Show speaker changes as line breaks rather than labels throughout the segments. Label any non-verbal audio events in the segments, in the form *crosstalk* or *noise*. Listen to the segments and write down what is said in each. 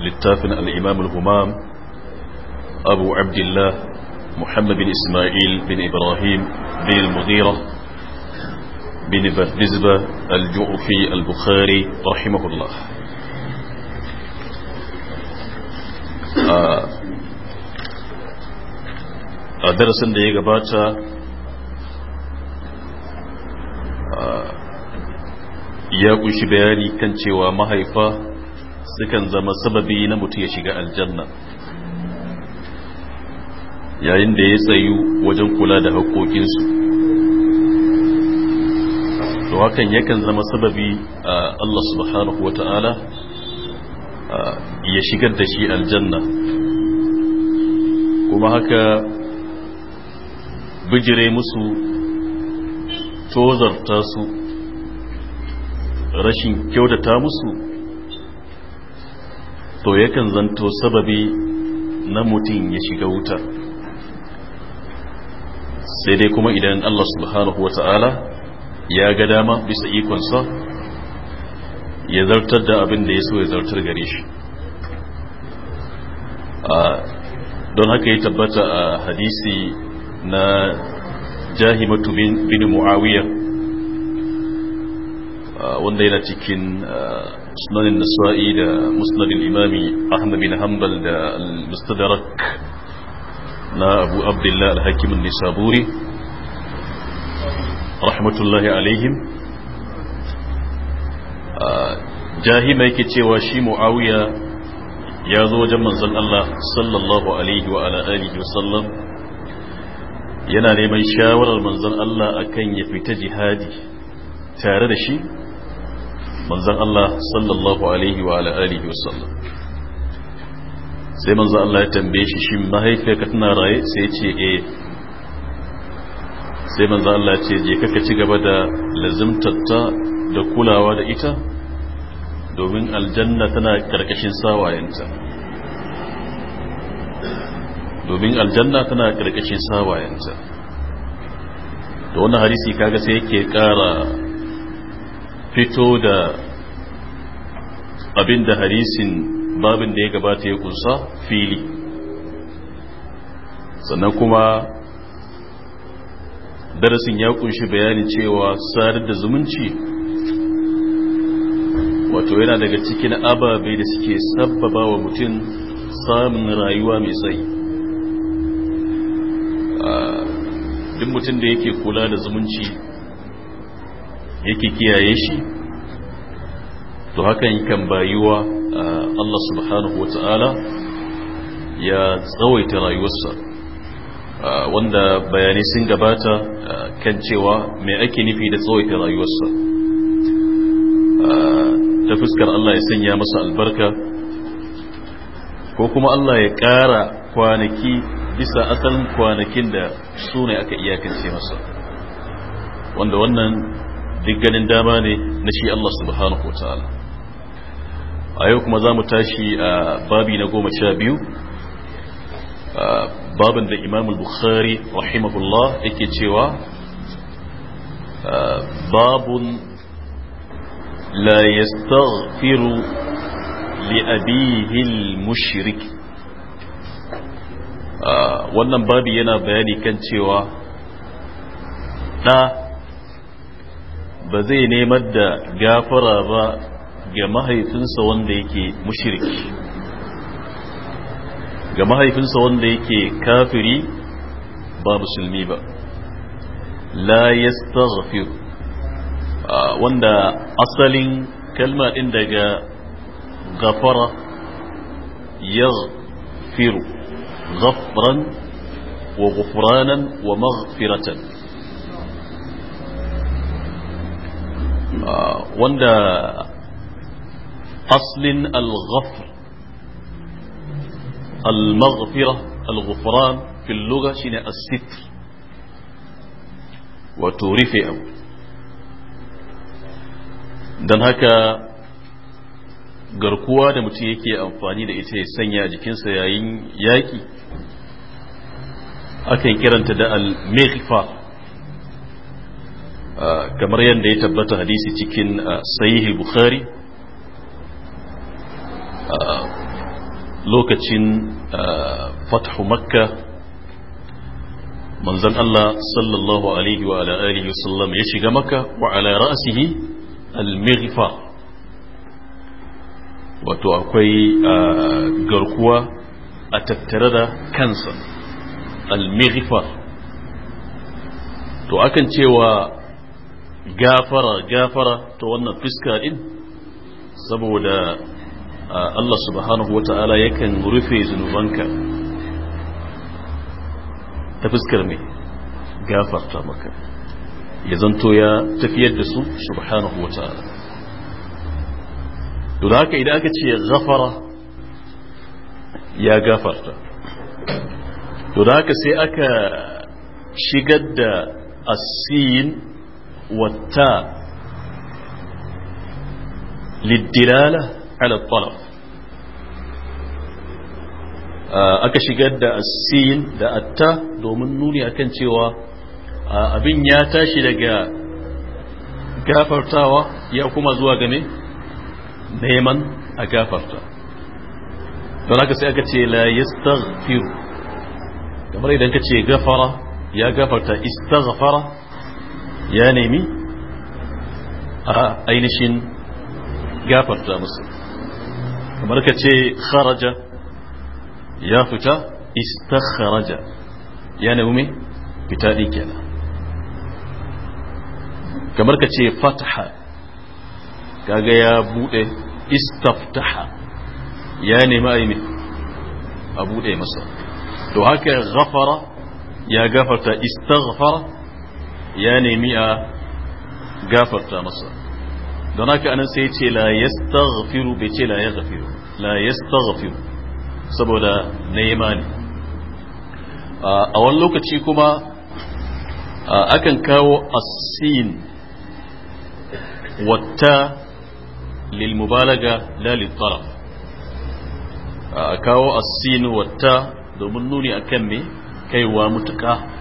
للتافن الإمام الهمام أبو عبد الله محمد بن إسماعيل بن إبراهيم بن المغيرة بن فرزبة الجوفي البخاري رحمه الله آه، درسا ديگا باتا آه، يا كنشي بياني كان تشيوا sukan zama sababi na mutum ya shiga aljanna yayin da ya tsayu wajen kula da haƙoƙinsu to hakan yakan zama sababi a Allah subhanahu wa ta'ala ya shigar da shi aljanna kuma haka bijire musu tozarta su rashin kyautata musu to yakan zanto sababi na mutum ya shiga wuta sai dai kuma idan Allah subhanahu wa ta'ala ya ga dama bisa ikonsa ya zartar da abin da ya so ya zartar gare shi don haka ya tabbata a hadisi na jahimatu bin mu'awiyar wanda yana cikin sunan nasa'i da musnad imami ahmad bin hanbal da al-mustadrak na abu abdullah al-hakim nisaburi rahmatullahi alaihim jahima yake cewa shi muawiya ya zo wajen manzon Allah sallallahu alaihi wa ala alihi wa sallam yana neman shawarar manzon Allah akan ya fita jihadi tare da shi manzan Allah sallallahu alaihi wa alihi wasallam sai manzan Allah ya tambaye shi shin mahaifiyarka tana raye sai ya ce eh sai manzan Allah ya ce je kaka ci gaba da lazimtatta da kulawa da ita domin aljanna tana karkashin sawayenta domin aljanna tana karkashin sawayenta da wannan hadisi kaga sai yake kara fito da abin da hadisin babin da ya gabata ya kunsa fili sannan kuma darasin ya kunshi bayanin cewa sadar da zumunci wato yana daga cikin ababe da suke sabbaba wa mutum samun rayuwa mai tsayi ah, duk mutum da yake kula da zumunci yake kiyaye shi to hakan kan bayuwa Allah subhanahu wata'ala ya tsawaita rayuwarsa wanda bayanai sun gabata kan cewa mai ake nufi da tsawaita rayuwarsa ta fuskar Allah ya sanya masa albarka ko kuma Allah ya ƙara kwanaki bisa asalin kwanakin da su ne aka iyakance masa wanda wannan duk ganin dama ne na shi Allah subhanahu wa ta'ala a yau kuma za mu tashi a babi na goma sha biyu babin da imamul bukhari rahimahullah yake cewa babun la yastaghfiru li abihi al-mushrik wannan babi yana bayani kan cewa da ba zai nemar da gafara ba ga mahaifinsa wanda yake mushriki ga mahaifinsa wanda yake kafiri ba musulmi ba la yastaghfir wanda asalin kalma din daga gafara yaghfiru ghafran wa ghufranan wa maghfiratan wanda aslin al-ghafr al-maghfira al-ghufran fil lugha shine as-sitr wato rufe abu Dan haka garkuwa da mutum yake amfani da ita ya sanya a jikinsa yayin yaƙi akan kiranta da al-maghfir kamar yadda ya tabbata hadisi cikin uh, sahihi bukhari uh, lokacin uh, fathu makka manzan Allah sallallahu alaihi wa ala'ihi alihi ya shiga maka wa ala ra'sihi al-mighfar wato akwai garkuwa a tattare da kansa al-mighfar to akan cewa gafara gafara ta wannan fiska din saboda Allah subhanahu wa ta'ala yakan rufe zunubanka ta fuskar mai gafarta maka ya zanto ya tafiyar da su subhanahu wa ta'ala to haka idan aka ce gafara ya gafarta to haka sai aka shigar da asiyin Wata للدلالة على الطلب aka shigar da asin da atta domin nuni akan cewa abin ya tashi daga gafartawa ya kuma zuwa game neman a gafarta don haka sai aka ce la yastaghfiru kamar idan ka ce gafara ya gafarta istaghfara ya nemi a ainihin gafarta musu kamar ka ce kharaja ya fita istakharaja ya nemi me fita ɗi kenan kamar ka ce fataha kaga ya buɗe istaftaha ya nemi aimi a buɗe masa to haka ghafara ya gafarta istaghfara ya nemi a gafarta masa don haka anan sai ce la yastaghfiru bai ce la yaghfiru la yastaghfiru saboda nema ne a wani lokaci kuma akan kawo asin wata lilmubalaga la a kawo asin wata domin nuni akan mai kaiwa mutuka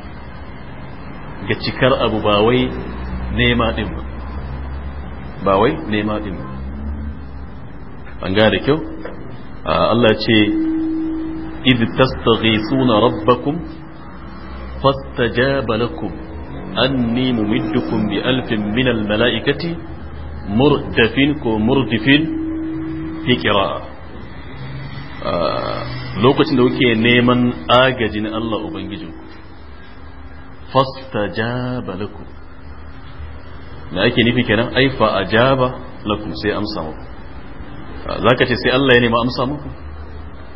ga cikar abu ba wai nema din ba ba wai nema din ba an ga da kyau Allah ce idh tastaghisuna rabbakum fastajaba lakum anni mumiddukum bi alfin min al mala'ikati murdafin ko murdifin fi qira'a lokacin da kuke neman agajin Allah ubangijinku fastajaba lakum me ake nufi kenan ai fa ajaba lakum sai amsa muku ah, zaka ce sai Allah ya nema amsa muku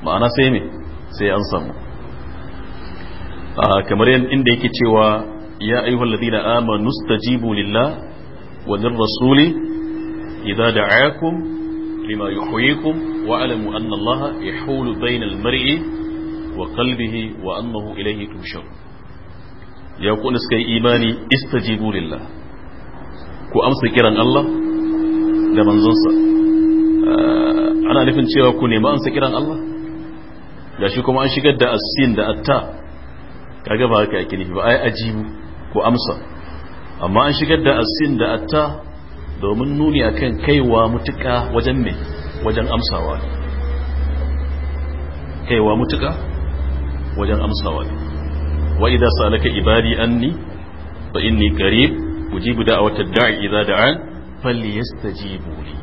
ma'ana sai me sai ya amsa muku ah, kamar inda yake cewa ya ayyuhal ladina amanu stajibu lillah wa lirrasuli idza da'akum lima yuhyikum wa alamu anna Allah yahulu bainal mar'i wa qalbihi wa annahu ilayhi tushurun ya ku suka yi imani istajibu lillah ku amsa kiran Allah da manzonsa ah, ana nufin cewa ku nemi amsa kiran Allah ga shi kuma an shigar da asin da atta kaga ba haka yake nufi ba ai ajibu ku amsa amma an shigar da asin da atta domin nuni akan kaiwa mutuka wajen me wajen amsawa kaiwa mutuka wajen amsawa ne wa idza salaka ibadi anni fa inni qarib ujibu da'watad da'i idza da'an falyastajibu li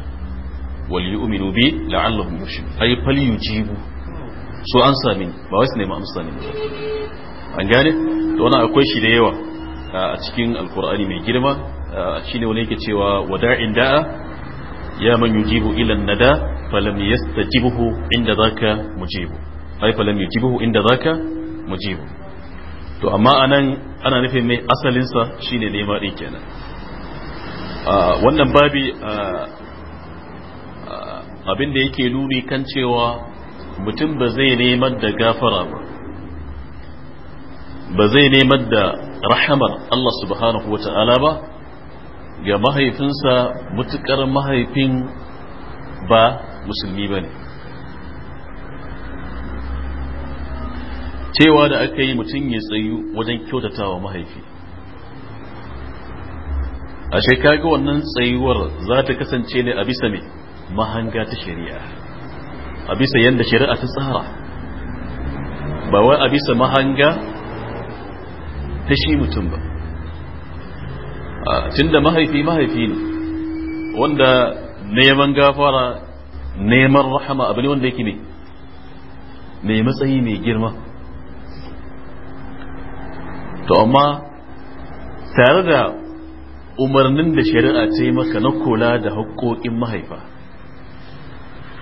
wal yu'minu bi la'allahum yushrikun ay falyujibu so an sami ba wai su nemi amsa ne an gane to wannan akwai shi da yawa a cikin alkur'ani mai girma shine wani yake cewa wada'in da'a ya man ilan na da falam yastajibuhu inda zaka mujibu ai falam yujibuhu inda zaka mujibu to amma anan ana nufin mai asalinsa shine nema din kenan wannan babi abin da yake nuni kan cewa mutum ba zai neman da gafara ba ba zai neman da rahamar Allah subhanahu wa ba ga mahaifinsa mutukar mahaifin ba musulmi ba ne cewa da aka yi mutum ya tsayu wajen kyautatawa mahaifi A shekaru wannan tsayuwar za ta kasance ne a bisa mai mahanga ta shari'a a bisa yadda shari'a ta tsara ba wai a bisa mahanga ta shi mutum ba tunda mahaifi mahaifi ne wanda neman gafara neman rahama abu ne wanda yake ne mai matsayi mai girma to amma tare da umarnin da shari'a ta maka na kula da haƙoƙin mahaifa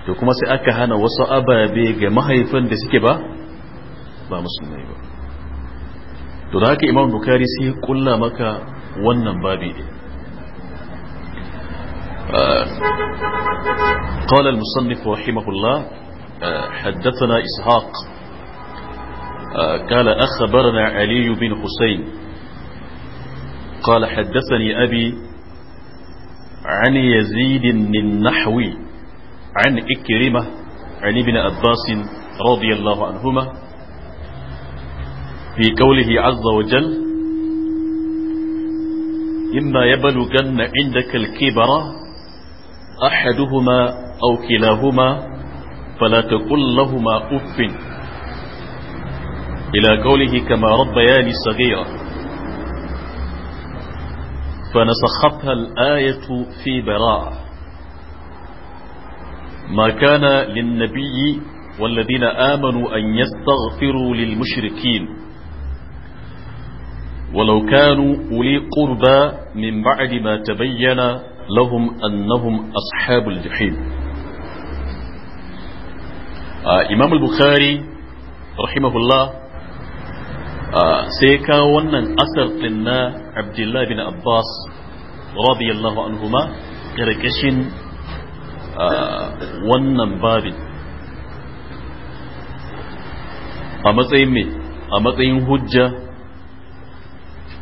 to kuma sai aka hana wasu ababe ga mahaifan da suke ba ba musulmai ba to da haka imam bukari sai kulla maka wannan babi ne قال المصنف رحمه الله حدثنا إسحاق آه، قال أخبرنا علي بن حسين قال حدثني أبي عن يزيد من نحوي عن إكرمة عن ابن عباس رضي الله عنهما في قوله عز وجل إما يبلغن عندك الكبر أحدهما أو كلاهما فلا تقل لهما أف إلى قوله كما ربياني صغيرة فنسختها الآية في براءة ما كان للنبي والذين آمنوا أن يستغفروا للمشركين ولو كانوا أولي قربى من بعد ما تبين لهم أنهم أصحاب الجحيم آه إمام البخاري رحمه الله sai kawo wannan asar din na abdullahi bin abbas radiyallahu anhuma karkashin wannan babin a matsayin mai a matsayin hujja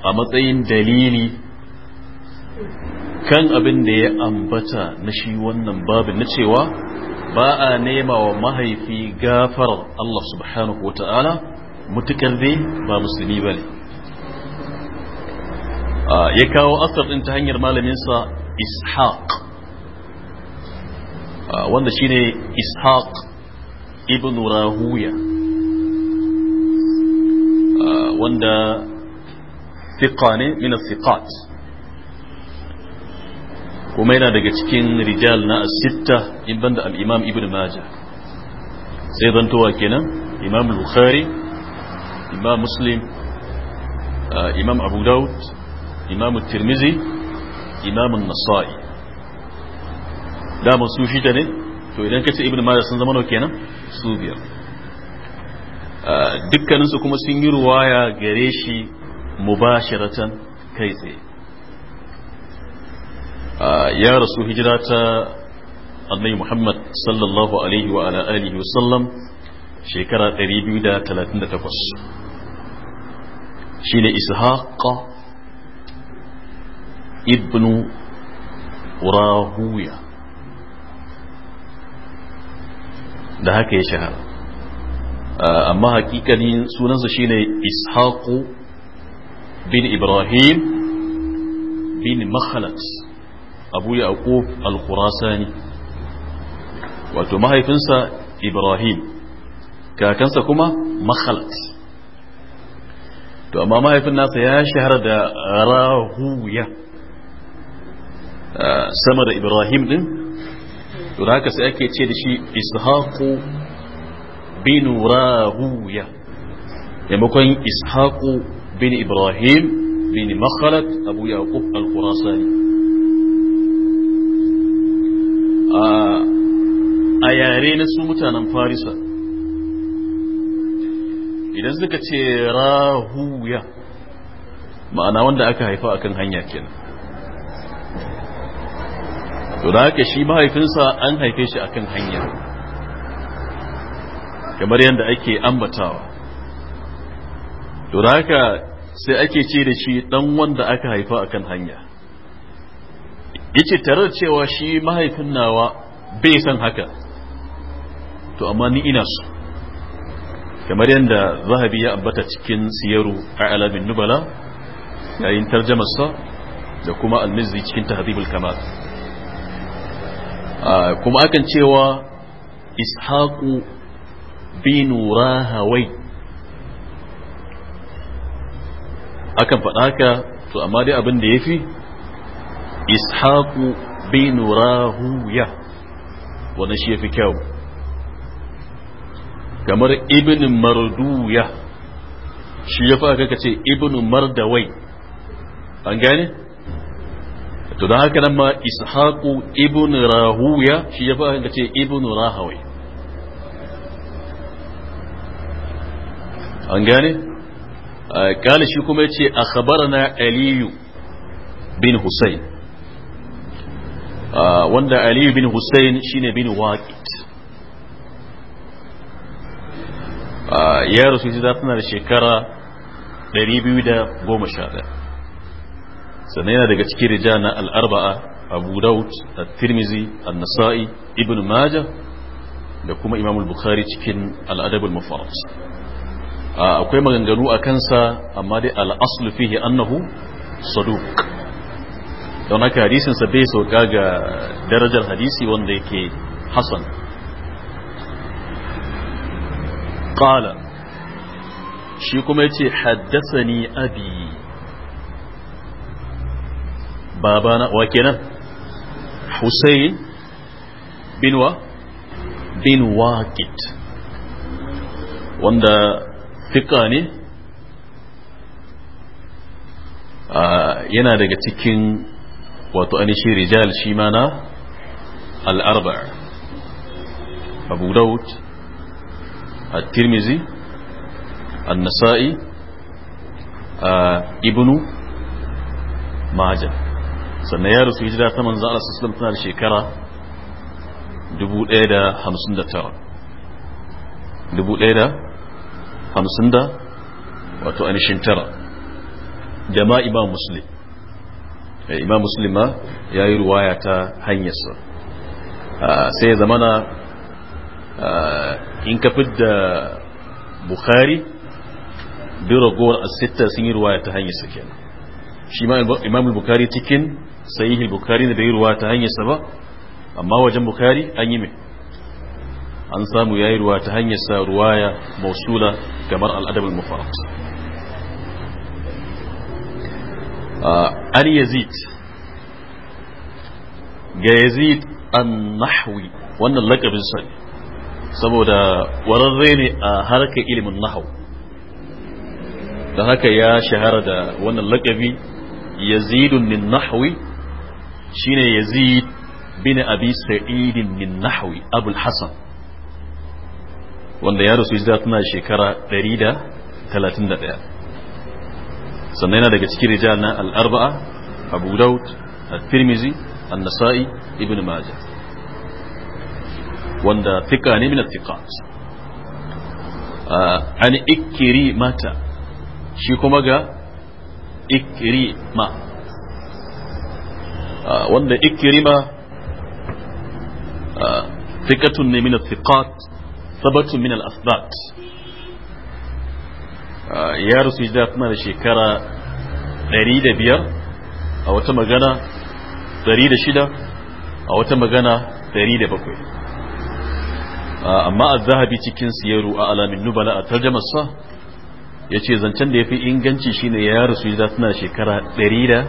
a matsayin dalili kan abin da ya ambata na shi wannan babin na cewa ba a nema wa mahaifi gafar Allah subhanahu wa ta'ala mutukar dai ba musulmi ba ne ah, ya kawo asar ɗin ta hanyar malaminsa ishaq ah, wanda shine ishaq ibn rahuya ah, wanda fiqa ne min fiqat kuma yana daga cikin rijal na sitta in banda al-imam ibn majah sai zantowa kenan imam bukhari imam muslim uh, imam abu daud imam tirmizi imam nasa'i dama su shida ne to idan ka ce ibn majah sun zama nauke kenan su biyar uh, dukkaninsu kuma sun yi ruwaya gare shi mubashiratan kai tsaye uh, ya rasu hijira ta annabi muhammad sallallahu alaihi wa ala alihi wasallam shekara 238 shine ishaq ibnu rahuya da haka ya shahara ah, amma hakikanin sunansa shine ishaqu bin ibrahim bin makhalat abu yaqub al-khurasani wato mahaifinsa ibrahim kakansa kuma makhalat to amma mahaifin nasa ya shahara da rahuya sama da ibrahim din to da haka sai ake ce da shi ishaqu bin rahuya maimakon ishaqu bin ibrahim bin makhalat abu yaqub al-khurasani a yare na su mutanen farisa idan suka ce rahuya ma'ana wanda aka haifa akan hanya kenan to da haka shi mahaifinsa an haife shi akan hanya kamar yadda ake ambatawa to da haka sai ake ce da shi dan wanda aka haifa akan hanya yace tare da cewa shi mahaifin nawa bai san haka to amma ni ina so kamar yadda zahabi ya ambata cikin siyaru a alamin nubala yayin tarjamarsa da kuma almizzi cikin tahdhibul kamal ah, kuma akan cewa ishaqu binu rahawai akan faɗa haka to amma dai abin da yafi ishaqu binu rahuya wannan shi yafi kyau kamar ibn marduya shi ya fi aka ce ibn mardawai an gane to da haka nan ma ishaqu ibn rahuya shi ya fi aka ce ibn rahawai an gane kala shi kuma ya ce akhbarana aliyu bin husayn wanda aliyu bin husayn shine bin waqi ya rasu hijira tana da shekara 211 sannan yana daga cikin rija na al'arba'a abu daud at-tirmizi an-nasa'i ibn majah da kuma imamul bukhari cikin al'adab al-mufarrad akwai maganganu a kansa amma dai al-aslu fihi annahu saduq don haka hadisin sa bai sauka ga darajar hadisi wanda yake Hassan. qala shi kuma yace haddasani abi babana wa kenan Hussein bin wanda fiqa ne yana daga cikin wato ainihin rijal shi mana al-arba' Abu Dawud الترمذي النسائي ابن ماجه sannan ya rasu hijira ta manzan Allah sassalam tana da shekara 1059 1050 da wato anishin tara jama'a ma imam muslim imam muslim ma ya yi ruwaya ta hanyarsa sai zamana in ka fidda bukhari bi ragowar asitta sun yi ruwaya ta hanyar sa kenan shi ma imam bukhari cikin sahih bukhari da bai ruwa ta hanyar sa ba amma wajen bukhari an yi mai an samu yayi ruwa ta hanyar sa ruwaya mausula kamar al-adab al-mufarrad an yazid ga yazid an-nahwi wannan lakabin sa saboda wararre ne a harkar ilimin nahau da haka ya shahara da wannan lakabi yazidun min nahwi shine yazid bin abi sa'idin min nahwi abul hasan wanda ya rasu hijira tana shekara 131 sannan yana daga cikin rijal na al-arba'a abu daud at-tirmizi an-nasa'i ibn majah wanda fika ne min attiqat an ikiri mata shi kuma ga ikiri ma wanda ikiri ma fikatun ne min attiqat sabatun min al-asbat ya rusu hijira kuma da shekara 105 a wata magana 106 a wata magana 107 amma a zahabi cikin siyaru a alamin nubala a tarjamarsa sa yace zancen da fi inganci shine ya rasu da tana shekara 100 da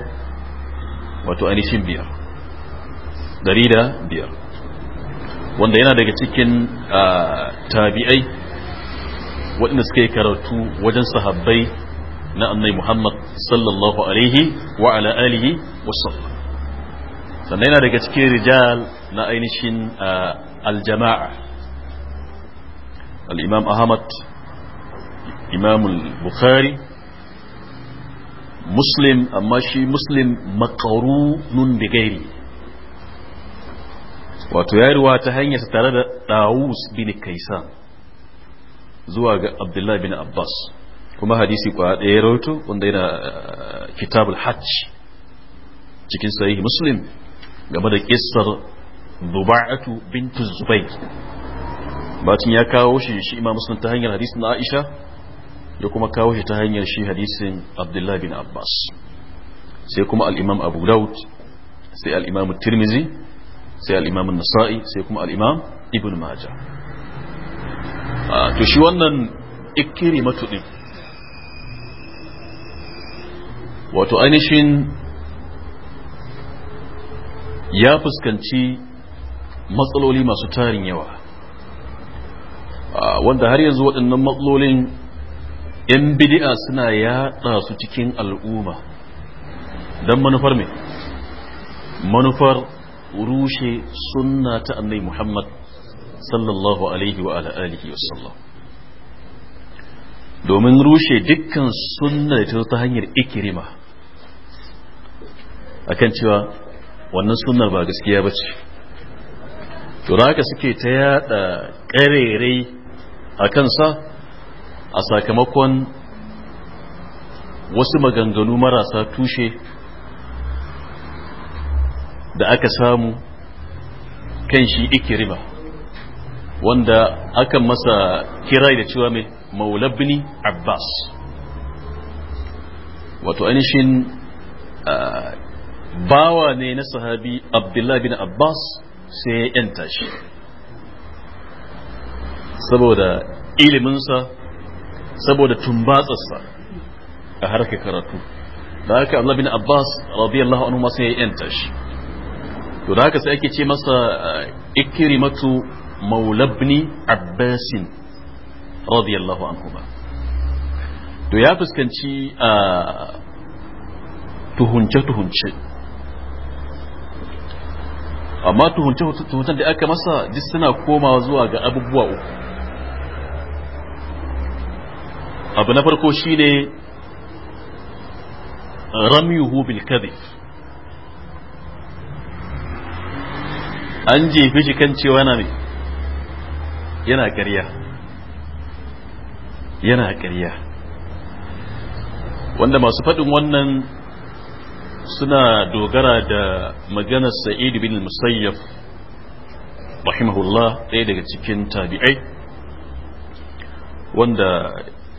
wato anishin biyar 100 da biyar wanda yana daga cikin tabi'ai waɗanda suka yi karatu wajen sahabbai na annai muhammad sallallahu alaihi wa ala alihi sannan yana daga cikin rijal na ainihin aljama'a الإمام أحمد إمام البخاري مسلم أما شي مسلم مقرون بغيره wato ya ruwa ta hanyar tare da Dawus bin kaisa zuwa ga Abdullah bin Abbas kuma hadisi kwa ɗaya rawaito wanda yana kitabul hajj cikin sahihi Muslim game da kissar Duba'atu bintu Zubayr bacin ya kawo shi shi imam muslim ta hanyar hadisin aisha ya kuma kawo shi ta hanyar shi hadisin abdullahi bin abbas sai kuma al'imam abu daud sai al'imam tirmizi sai al'imam nasa'i sai kuma al'imam ibn maja ah, to shi wannan ikiri matuɗin wato ainihin ya fuskanci matsaloli masu tarin yawa Ah, wanda har yanzu waɗannan matsalolin 'yan bidi'a suna yaɗa su cikin al'umma don manufar mai manufar rushe sunna ta annai muhammad sallallahu alaihi wa alihi wasallam domin rushe dukkan sunna ta ta hanyar ikirima akan cewa wannan sunnar ba gaskiya ba ce to haka suke ta yada ƙarerai a kansa a sakamakon wasu maganganu marasa tushe da aka samu kan shi ikiriba wanda akan masa kira da cewa mai maulabni abbas wato ainihin bawa ne na sahabi abdullahi bin abbas sai ya yanta shi saboda iliminsa saboda tumbatsarsa a harkar karatu da haka Allah bin Abbas radiyallahu anhu masu ya yanta shi to da haka sai ake ce masa eh, ikrimatu maulabni abbasin radiyallahu anhu ba to ya fuskanci a ah, tuhunce-tuhunce amma tuhunce-tuhunce da aka masa duk suna komawa zuwa ga abubuwa uku abu na farko shi ne ramyuhu bil kadhib an jefe shi kan cewa yana ne yana ƙarya yana ƙarya wanda masu faɗin wannan suna dogara da maganar sa'id bin musayyaf rahimahullah ɗaya daga cikin tabi'ai wanda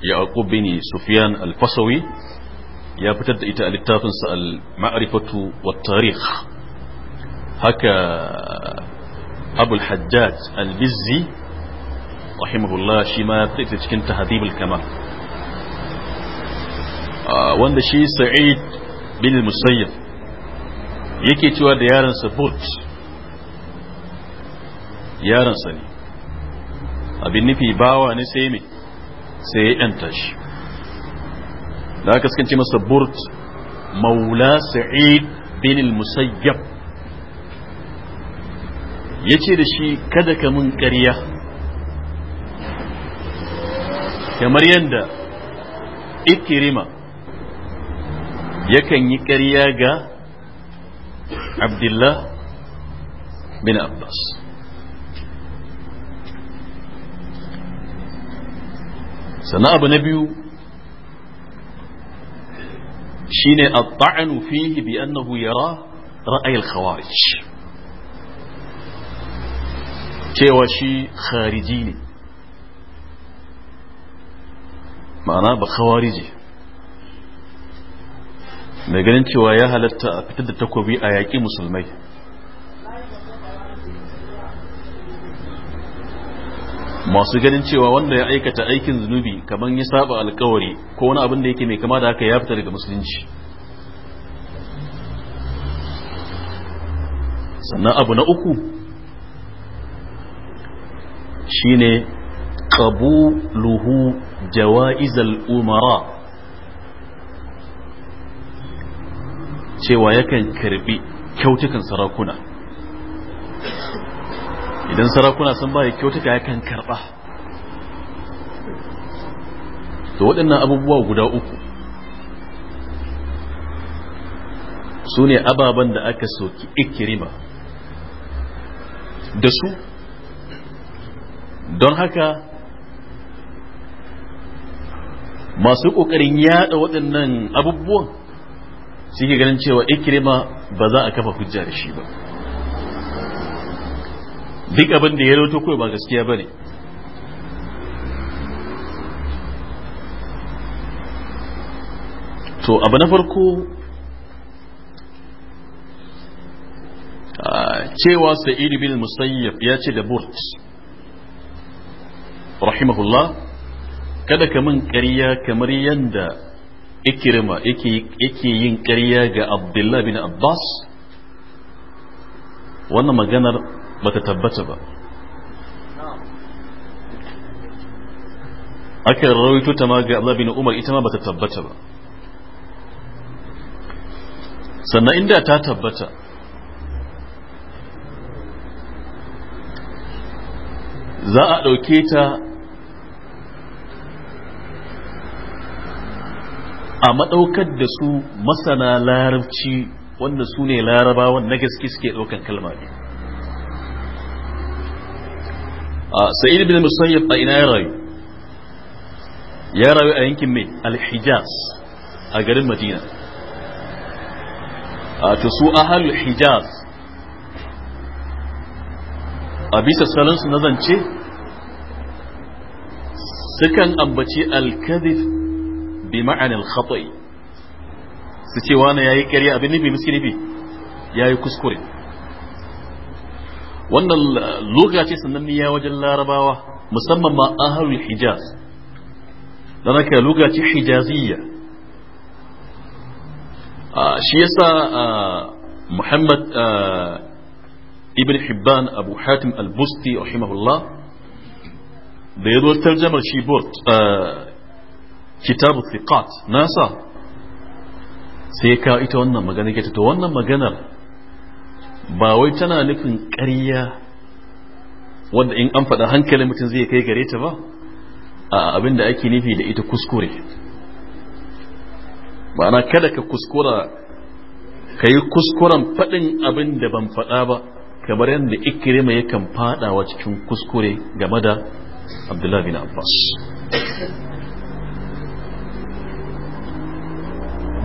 yaqub bin sufyan al-fasawi ya fitar da ita a littafinsa al-ma'rifatu wa tarikh haka abul hajjaj al-bizzi rahimahullah shi ma ya fita cikin tahdhib al-kamal wanda shi sa'id bin musayyib yake cewa da yaransa bot yaransa ne abin nufi bawa ne sai me sai ya yanta shi da aka masa burt maula sa'id bin musayyab ya ce da shi kada ka mun ƙarya kamar yadda ikirima yakan yi ƙarya ga abdullah bin abbas sannan abu na biyu shi ne a ta'anu fihi bi annahu yara ra'ay al-khawarij cewa shi khariji ne ma'ana ba khawariji mai ganin cewa ya halatta a fitar da takobi a yaƙi musulmai masu ganin cewa wanda ya aikata aikin zunubi kamar ya saba alkawari ko wani abin da yake mai kama da haka ya fita daga musulunci sannan abu na uku shine qabuluhu jawa'izal umara cewa yakan karbi kyautukan sarakuna
idan sarakuna
sun ba da ta yakan karba to waɗannan abubuwa guda uku su ne ababen da aka soki ikirima da su don haka masu ƙoƙarin yada waɗannan abubuwan suke ganin cewa ikirima ba za a kafa hujja da shi ba duk abin da ya roto kawai ba gaskiya ba ne to abu na farko cewa sa'id bin musayyab ya ce da burt rahimahullah kada ka min ƙarya kamar yadda ikirma yake yin ƙarya ga abdullahi bin abbas wannan maganar bata tabbata ba aka rawaito ta ma ga bin Umar ita ma bata tabbata ba sannan inda ta tabbata za a ɗauke ta a maɗaukar da su masana larabci wanda su ne larabawan na gaske suke ɗaukan kalma ne Ah, sa'id bin musayyib a ina ya rayu ya rayu a yankin mai al-hijaz a garin madina a ah, su ahal hijaz a bisa salansu na zance sukan ambaci al-kadhib bi ma'anar khatai su ce wani yayi ƙarya abin nufi miski ya yayi kuskure wannan loga ce sananniya wajen larabawa musamman ma ahalul hijaz don haka loga ce hijaziyya shi yasa muhammad ibn hibban abu hatim al-busti rahimahullah da ya zo tarjamar shi bort kitabu thiqat nasa sai ya kawo ita wannan magana ke ta wannan maganar ba wai tana nufin ƙarya wanda in an faɗa hankalin mutum zai kai gare ta ba a abin da ake nufi da ita kuskure na kada ka kuskura ka yi kuskuren faɗin abin da ban faɗa ba kamar yadda ikirima yakan faɗawa cikin kuskure game da abdullahi bin abbas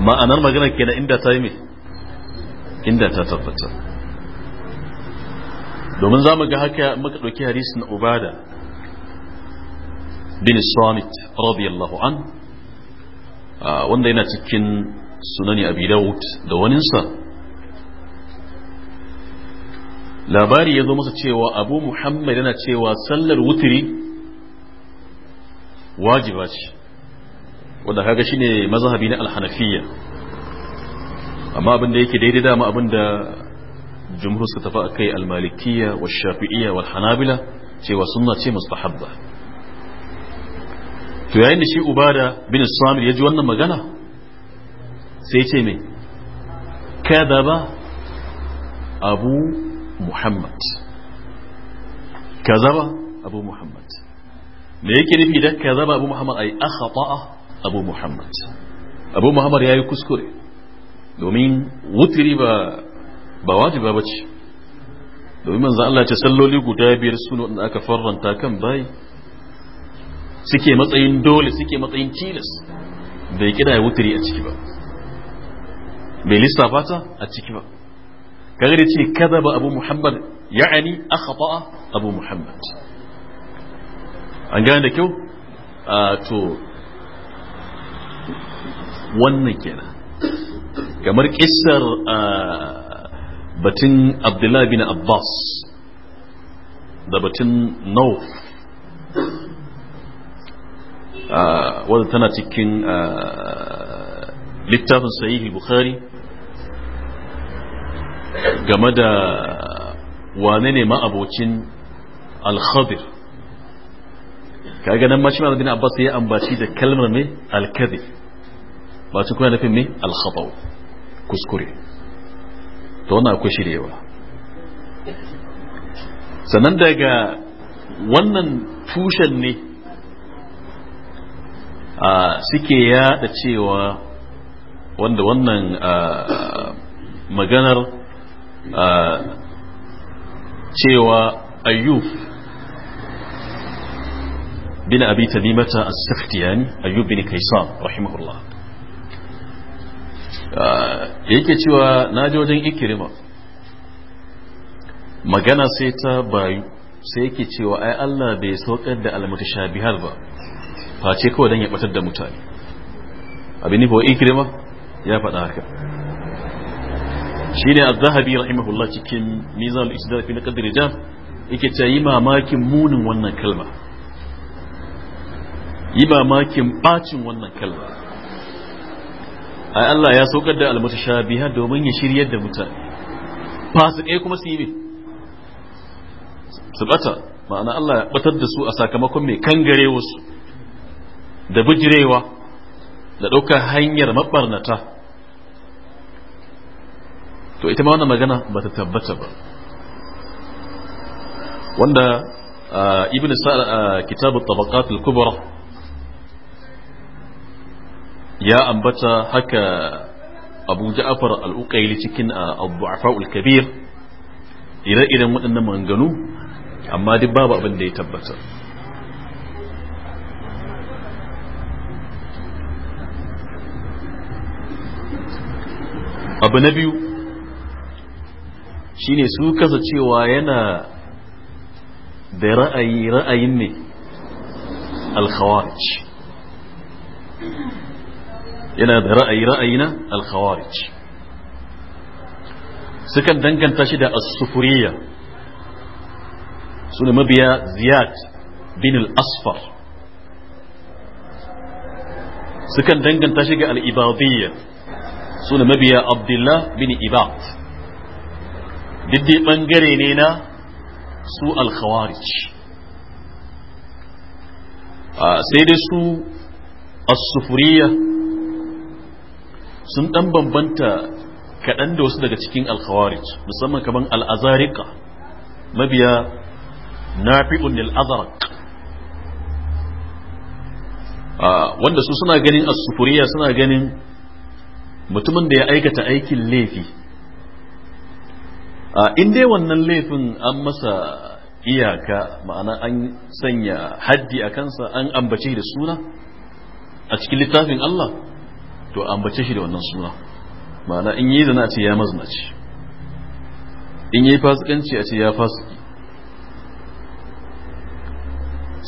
ma'anar magana kenan inda ta yi mai inda ta tabbatar. domin za mu ga haka muka ɗauki na ubada bin samit radiyallahu an wanda yana cikin sunani abi daud da waninsa labari ya zo masa cewa abu muhammad yana cewa sallar wutiri wajiba ce wanda kaga shine mazhabi na alhanafiyya amma abin da yake daidai dama abin da jumhur suka tafi akai al-malikiyya wa shafi'iyya wa hanabila cewa sunna ce mustahabba to yayin da shi ubada bin samir ya ji wannan magana sai ce me kadaba abu muhammad kazaba abu muhammad me yake nufi da kazaba abu muhammad ai akhata abu muhammad abu muhammad yayi kuskure domin wutiri ba ba wajiba ba ce domin manzan Allah ce salloli guda biyar suna da aka farranta kan bayi suke matsayin dole suke matsayin tilas bai kida ya wuturi a ciki ba bai lissafa ta a ciki ba kaga da ce kada ba abu muhammad ya'ani akhata abu muhammad an gane da kyau a to wannan kenan kamar kissar batun abdullahi bin abbas da batun nauf wadda tana cikin littafin sahihi bukhari game da wane ne ma'abocin alkhadir kaga nan ma shi bin abbas ya ambaci da kalmar mai alkadir ba su kuna nufin mai alkhabar kuskure to wannan akwai shirewa sannan daga wannan tushen ne a suke yada cewa wanda wannan maganar cewa ayyub bin abi tamimata as-sakhtiyani ayyub bin kaysan rahimahullah Ah, yake cewa na je wajen ikirima magana sai ta bayu sai yake cewa ai Allah bai saukar da almutashabihar ba face kawai don ya batar da mutane abin nufo ko ikirima ya faɗa haka shine az-zahabi rahimahullah cikin mizan al-istidrak fi naqd yake cewa yi mamakin munin wannan kalma yi mamakin bacin wannan kalma ai Allah ya saukar da almutashabiha domin ya shiryar da mutane fasikai kuma su yi ne su bata ma'ana Allah ya batar da su a sakamakon mai kangare wasu da bijirewa da ɗaukar hanyar mabarnata to ita ma wannan magana ba ta tabbata ba wanda ah, ibn sa'ad ah, kitabu tabaqatul kubra ya ambata haka abu ja'afar al'uƙaili cikin uh, abu'afa'ul kabir ire-iren waɗannan manganu amma duk babu abin da ya tabbata abu na biyu shine su kasa cewa yana da ra'ayi ra'ayin ne alkhawarij yana da ra'ayi ra'ayi na alkhawarij sukan danganta shi da as-sufuriya sune mabiya ziyad bin al-asfar sukan danganta shi ga al-ibadiyya sune mabiya abdullah bin ibad diddi bangare ne na su al-khawarij sai dai su as-sufuriya sun dan bambanta kaɗan da wasu daga cikin alkhawarij musamman kaman al'azarika mabiya nafi'un al'azarak ah, wanda su suna ganin asufuriya suna ganin mutumin da ya aikata aikin laifi ah, in dai wannan laifin an masa iyaka ma'ana an sanya haddi a kansa an ambace da suna a cikin littafin Allah to ambace shi da wannan suna ma'ana in yi zana a ce ya mazinaci in yi fasikanci a ce ya fasiki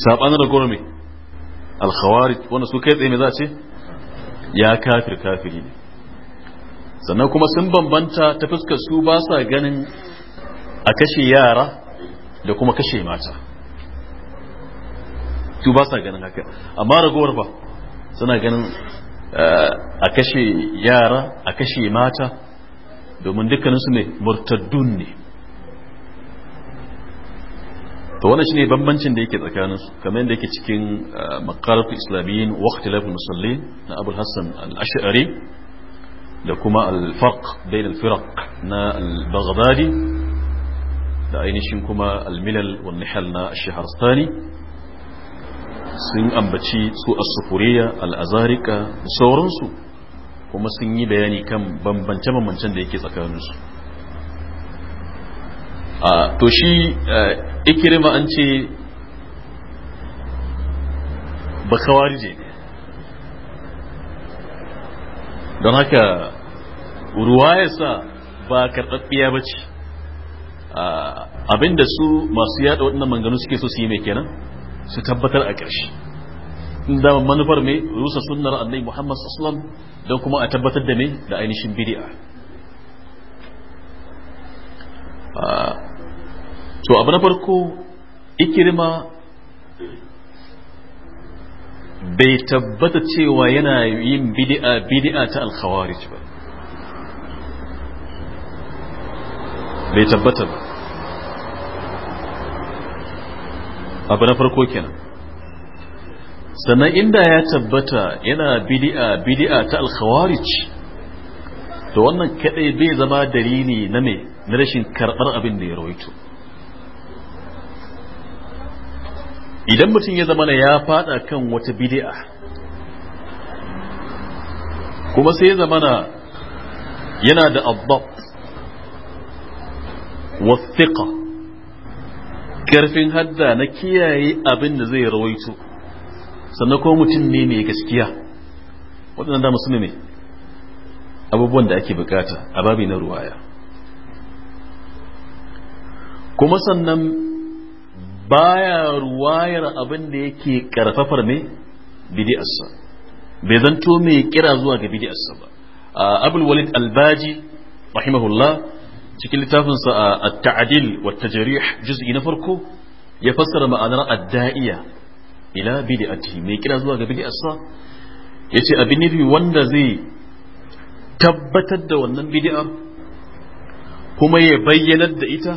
saɓanin da gurmi alkhawari wanda su kai tsaye mai za a ce ya kafir kafiri ne sannan kuma sun bambanta ta fuskar su ba sa ganin a kashe yara da kuma kashe mata su ba sa ganin haka amma ragowar ba suna ganin a kashe yara a kashe mata domin dukkaninsu ne murtaddun ne to wannan shine bambancin da yake tsakanin su kamar yadda yake cikin uh, maqarat islamiyyin wa ikhtilaf musallin na Abulhassan Hassan al-Ash'ari da kuma al faq bain al-firaq na al-Baghdadi da ainihin kuma al-milal wal nihal na al-Shahrastani sun ambaci su asufuriya sufuriya da sauransu kuma sun yi bayani kan bambance-bambancen da yake tsakaninsu to shi ikirima an ce bakawarije don haka ruwa sa ba karɓaɓɓiya ba ce abinda su masu yada waɗannan manganu suke so su yi mai kenan su tabbatar a ƙarshe in da manufar mai rusa sunnar annai muhammad sallam don kuma a tabbatar da mai da ainihin bid'a ah, to abu na farko ikirma bai tabbata cewa yana yin bidi'a bidi'a ta alkhawarij ba bai tabbata ba abu na farko kenan sannan inda ya tabbata yana bidi'a bidi'a ta alkhawarij to wannan kadai bai zama dalili na me na rashin karbar abin da ya rawaito idan mutum ya zama ya fada kan wata bidi'a kuma sai ya zamana yana da abab wa karfin hadda na kiyaye abin da zai rawaito sannan ko mutum ne mai gaskiya waɗannan da musulmi ne abubuwan da ake bukata a babi na ruwaya kuma sannan baya ruwayar abin da yake karfafar mai bidiyarsa bai zanto mai kira zuwa ga bidi'arsa ba abul walid albaji rahimahullah cikin littafinsa a ta'adil wa tajarih juz'i na farko ya fassara ma'anar adda'iya ila bid'ati mai kira zuwa ga bid'arsa yace abin nufi wanda zai tabbatar da wannan bid'a kuma ya bayyanar da ita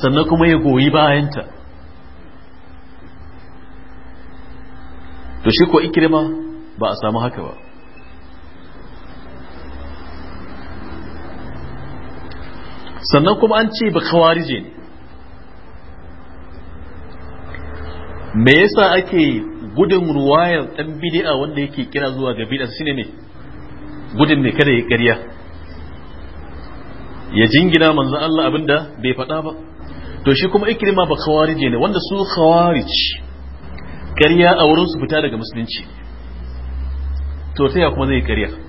sannan kuma ya goyi bayanta to shi ko ikirma ba a samu haka ba sannan kuma an ce ba kawarije ne me yasa ake gudun ruwayar dan bid'a wanda yake kira zuwa ga bid'a shine ne gudun ne kada ya ƙarya ya jingina manzo Allah abinda bai faɗa ba to shi kuma ikrima ba khawarije ne wanda su khawarij ƙarya a wurin su fita daga musulunci to ta ya kuma zai ƙarya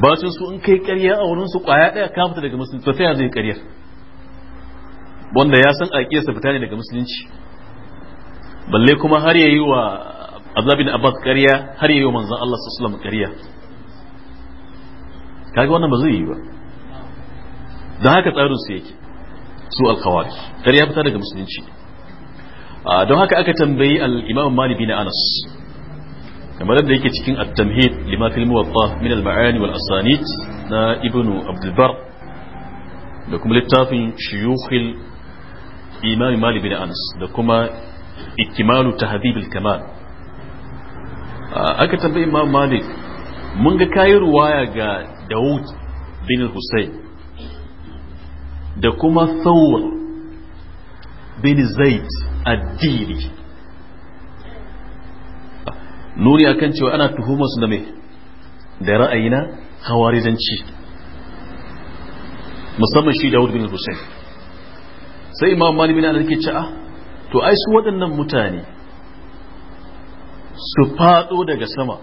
ba su in kai ƙarya a wurin su ƙwaya ɗaya ka fita daga musulunci to ta zai ƙarya wanda ya san aƙiyarsa fita ne daga musulunci balle kuma har ya yi wa Abdullah bin Abbas ƙarya har ya yi wa manzon Allah sallallahu alaihi wasallam ƙarya kaga wannan ba zai yi ba don haka tsarin su yake su alkawari ƙarya fita daga musulunci ah, don haka aka tambayi al-Imam Malik bin Anas kamar da yake cikin at-tamhid lima fil muwatta min al-ma'ani wal asanid na ibnu abdul bar da kuma littafin shuyukhil imam malik bin anas da kuma ikmalu tahdhib al-kamal aka tambayi imam malik mun ga kayi ruwaya ga daud bin husayn da kuma thawr bin zaid ad-dili nuni akan cewa ana tuhumar su da mai da ra'ayi na hawarizanci musamman shi da bin Hussein sai Imam Malik na Anas yake ah, to ai su waɗannan mutane su fado daga sama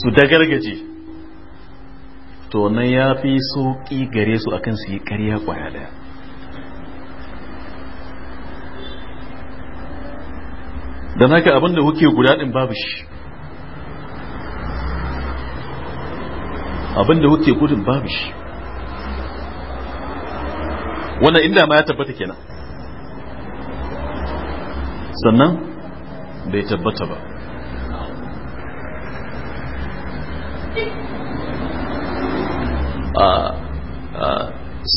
su dagargaje to nan ya fi sauƙi gare su akan su yi ƙarya ƙwaya ɗaya don haka abin da kuke guda din babu shi abin da kuke gudun babu shi wannan inda ma ya tabbata kenan sannan bai tabbata ba ah, ah,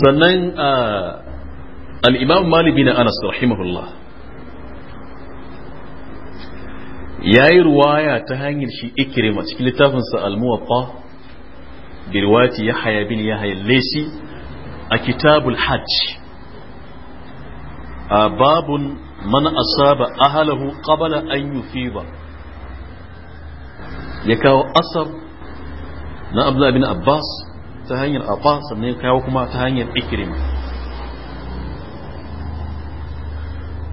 sannan ah, al'imam malibi na anas rahimahullah ya yi ruwaya ta hanyar shi ikirima cikin littafinsa almuwatta bi riwayati yahya bin yahya lesi a kitabul hajj a babun man asaba ahalahu qabla an yufiba ya kawo asab na abdullahi bin abbas ta hanyar abbas sannan ya kawo kuma ta hanyar ikirima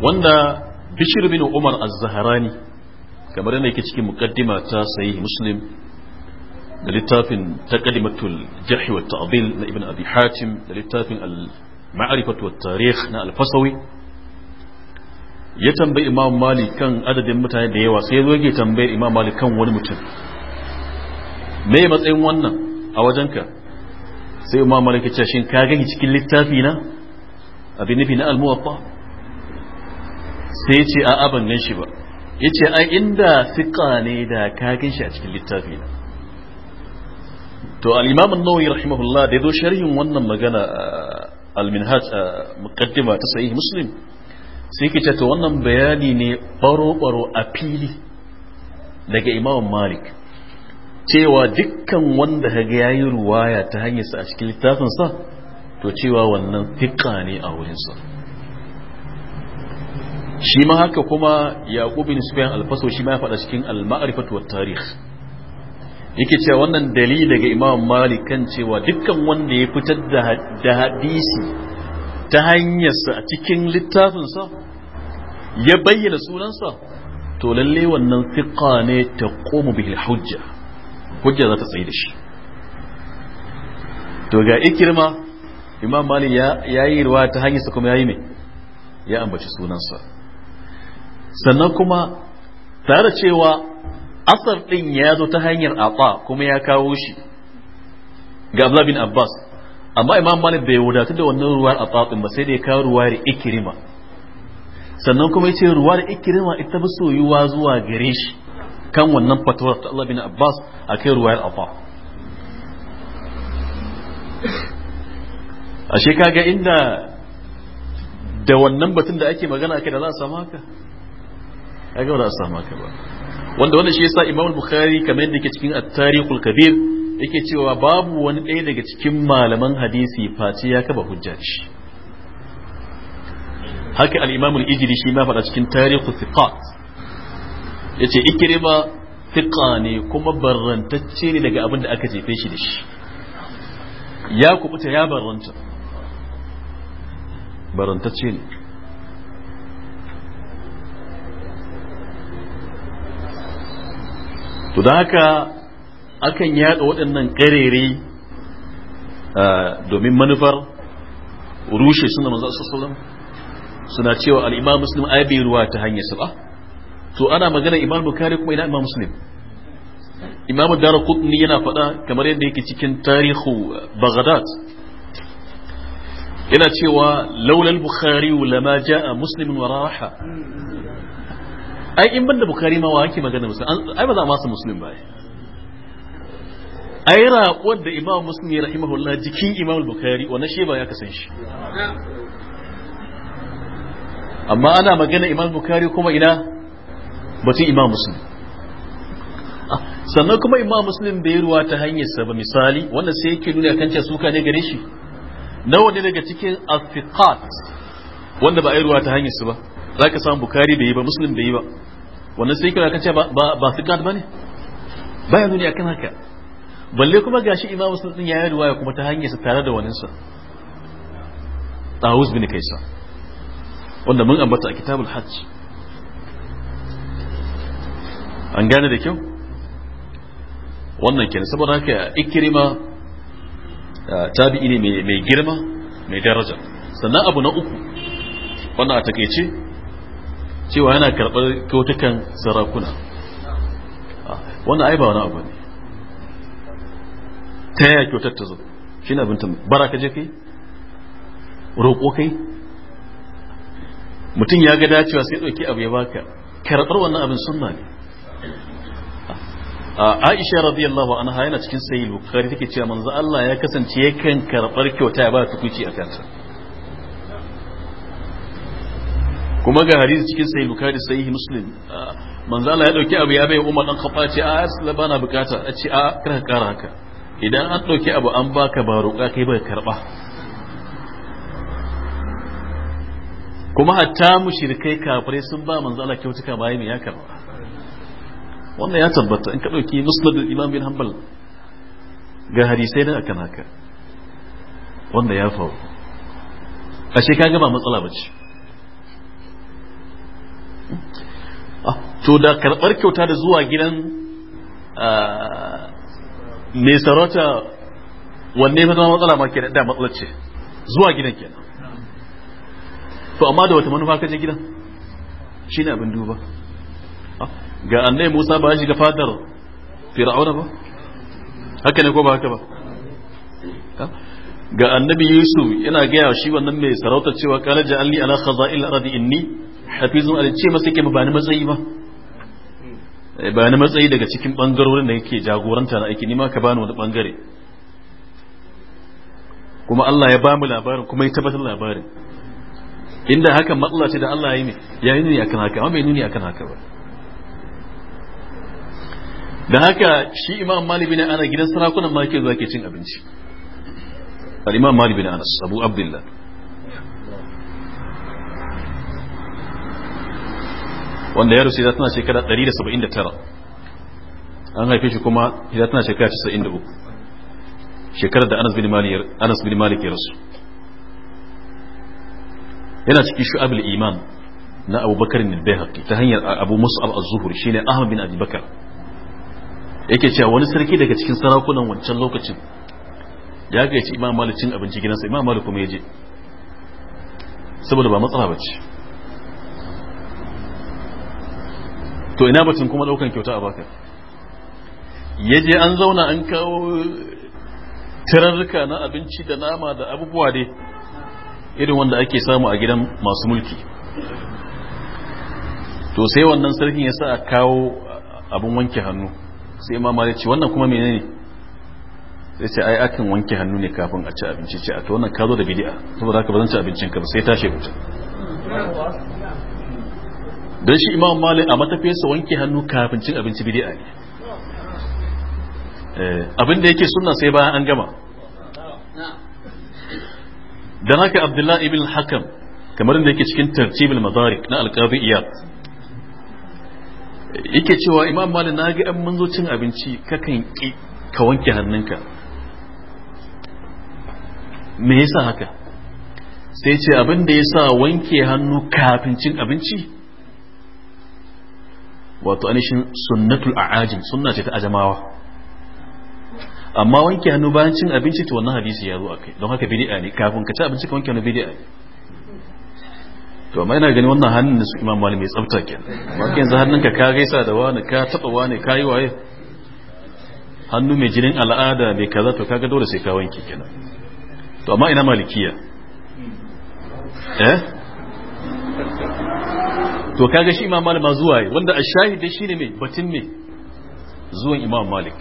wanda bishir bin umar az-zahrani kamar yadda yake cikin muqaddima ta sahih muslim da littafin taqdimatul jarh wa ta'dil na ibn abi hatim da littafin al ma'rifatu tarikh na al fasawi ya tambayi imam malik kan adadin mutane da yawa sai zo yake tambayar imam malik kan wani mutum me matsayin wannan a wajenka sai imam malik ya ce shin ka gani cikin littafi na abin nufi na al-muwatta sai ce a aban gan shi ba yace ai inda siƙa ne da ka gan shi a cikin littafi na to al-imam nawawi rahimahullah da yazo sharhin wannan magana ah, al-minhaj ah, muqaddima ta sahih muslim sai yake to wannan bayani ne baro baro a fili daga imam malik cewa dukkan wanda kaga yayi ruwaya ta hanyarsa a cikin littafinsa to cewa wannan siƙa ne a wurinsa sa shi ma haka kuma yaqub bin sufyan al shi ma ya faɗa cikin al-ma'rifat wa tarikh yake cewa wannan dalili daga imam malik kan cewa dukkan wanda ya fitar da hadisi ta hanyarsa a cikin littafinsa ya bayyana sunansa to lalle wannan fiqa ne ta komu bihil hujja hujja za ta tsaye da shi to ga ikirma imam malik ya yi ruwa ta hanyarsa kuma ya yi mai ya ambaci sunansa sannan kuma tare cewa asar din ya zo ta hanyar atsa kuma ya kawo shi ga Abdullah bin Abbas amma Imam Malik bai wadatu da wannan ruwar atsa din ba sai da ya kawo ruwar Ikrima sannan kuma yace ruwar Ikrima ita ba soyuwa zuwa gare shi kan wannan fatuwar ta Allah bin Abbas akai ruwar atsa ashe kaga inda da wannan batun da ake magana kai da za a samu haka kaga ba za a samu haka ba wanda wanda shi yasa Imam Bukhari kamar yadda yake cikin At-Tarikhul Kabir yake cewa babu wani ɗaya daga cikin malaman hadisi face ya kaba hujja ce haka al-Imam Al-Ijri shi ma faɗa cikin Tarikhu Thiqat yace Ikrima thiqa ne kuma barrantacce ne daga abin da aka jefe shi da shi ya kubuta ya barranta barrantacce ne to da haka akan yada waɗannan ƙarere domin manufar rushe suna manzo sallallahu suna cewa al-imam muslim ai bai ruwa ta hanyar sa to ana magana imam bukhari kuma ina imam muslim imam darqutni yana faɗa kamar yadda yake cikin tarihu baghdad yana cewa laulal bukhari lama jaa muslim wa raha ai in banda bukari ma wa yake magana musulmi. ai ba za a masa musulun ba ai raƙuwar da imam muslim ya rahimahullah jikin imam bukari wannan shi ba ya kasan shi amma ana magana imam bukari kuma ina batun imam muslim ah, sannan kuma imam muslim bai ruwa ta hanyar sa ba misali wanda sai yake nuna kan ce suka ne gare shi nawa ne daga cikin afiqat wanda ba a yi ruwa ta hanyar su ba za ka samu bukari bai yi ba muslim bai yi ba wannan sai kira ce ba ba ne. Ba ya nuni akan haka balle kuma gashi imam muslim din yayi riwaya kuma ta hanyar sa tare da wannan sa tawus bin kaisa wanda mun ambata a kitabul hajj an gane da kyau wannan kenan saboda haka ikirima. Eh, tabi'i ne mai girma mai daraja sannan abu na uku wannan a takaice cewa yana karɓar kyautukan sarakuna wannan ai ba wani abu ne ta yaya kyautar ta zo shi ne abin bara ka je kai roƙo kai mutum ya ga dacewa sai ɗauki abu ya baka karɓar wannan abin sunna ne Aisha radiyallahu anha yana cikin sayyid Bukhari take cewa manzo Allah ya kasance yakan karɓar kyauta ya ba tukuci a kanta. kuma ga hadis cikin sahih bukhari sahih muslim manzo Allah ya dauki abu ya bai Umar dan kafa ce a asla bana bukata a ce a kar kara haka idan an dauki abu an baka ba roƙa kai bai karba kuma hatta mushrikai kafirai sun ba manzo Allah kyautuka bayan ya karba wannan ya tabbata in ka dauki musnad imam bin hanbal ga hadisai da akan haka wanda ya faru ashe kaga ba matsala bace Ah, to da karɓar kyauta da zuwa gidan ah, mai sarauta wanne fa zama matsala ma kenan da matsala ce zuwa gidan kenan to amma da wata manufa kaje gidan shi ne abin duba ah, ga annai Musa ba shi ga fadar Fir'auna ba haka ne ko ba haka ba ga annabi Yusuf yana gaya shi wannan mai sarauta cewa qala ja'alni ala khaza'il ardi inni hafizun ali ce masa yake ba ni matsayi ba eh, ba ni matsayi daga cikin bangarorin da yake jagoranta na aiki ni ma ka bani wani bangare kuma Allah ya bamu labarin kuma ya tabbatar labarin inda hakan matsala ce da Allah ya yi ne ya yi nuni akan haka amma bai nuni akan haka ba da haka shi imam malik bin ana gidan sarakunan ma yake zuwa ke cin abinci al imam malik bin anas abu abdullah wanda ya rusu idan tana shekara 179 an haife shi kuma idan tana shekara 93 shekarar da anas bin malik ya rasu yana ciki shu'abul iman na abu bakar bin bayhaqi ta hanyar abu mus'ab az-zuhri shine ahmad bin abi bakar yake cewa wani sarki daga cikin sarakunan wancan lokacin ya gaici imam malik cin abinci gidansa imam malik kuma ya je saboda ba matsala bace to ina batun kuma daukan kyauta a baka ya je an zauna an kawo tararruka na abinci da nama da abubuwa dai irin wanda ake samu a gidan masu mulki to sai wannan sarkin ya sa a kawo abin wanke hannu sai imama ya ce wannan kuma menene sai ce ai akan wanke hannu ne kafin a ci abinci ce a to wannan ka zo da bidi'a saboda haka ba zan ci abincin ka ba sai tashi wuta don shi imam malik a matafiyarsa wanke hannu kafin cin abinci bid'a ne eh, abin da yake sunna sai bayan an gama dan haka abdullahi ibn hakam kamar da yake cikin tartibul madarik na alqabi iyad yake cewa imam malik na ga an manzo cin abinci kakan ki ka wanke hannunka me yasa haka sai ce abinda ya sa wanke hannu kafin cin abinci wato anishin sunnatul a'ajin sunna ce ta ajamawa amma wanke hannu bayan cin abinci to wannan hadisi ya zo a kai don haka bid'a ne kafin ka ci abinci ka wanke hannu bid'a ne to amma ina gani wannan hannun da su imam malik mai tsafta ke
amma yanzu za
hannunka ka gaisa da wani ka taba wani ka yi waye hannu mai jinin al'ada mai kaza to kaga dole sai ka wanke kenan to amma ina malikiya eh to kaga shi imam malik ma zuwa yi wanda ashahid dai shine mai batun ne zuwan imam malik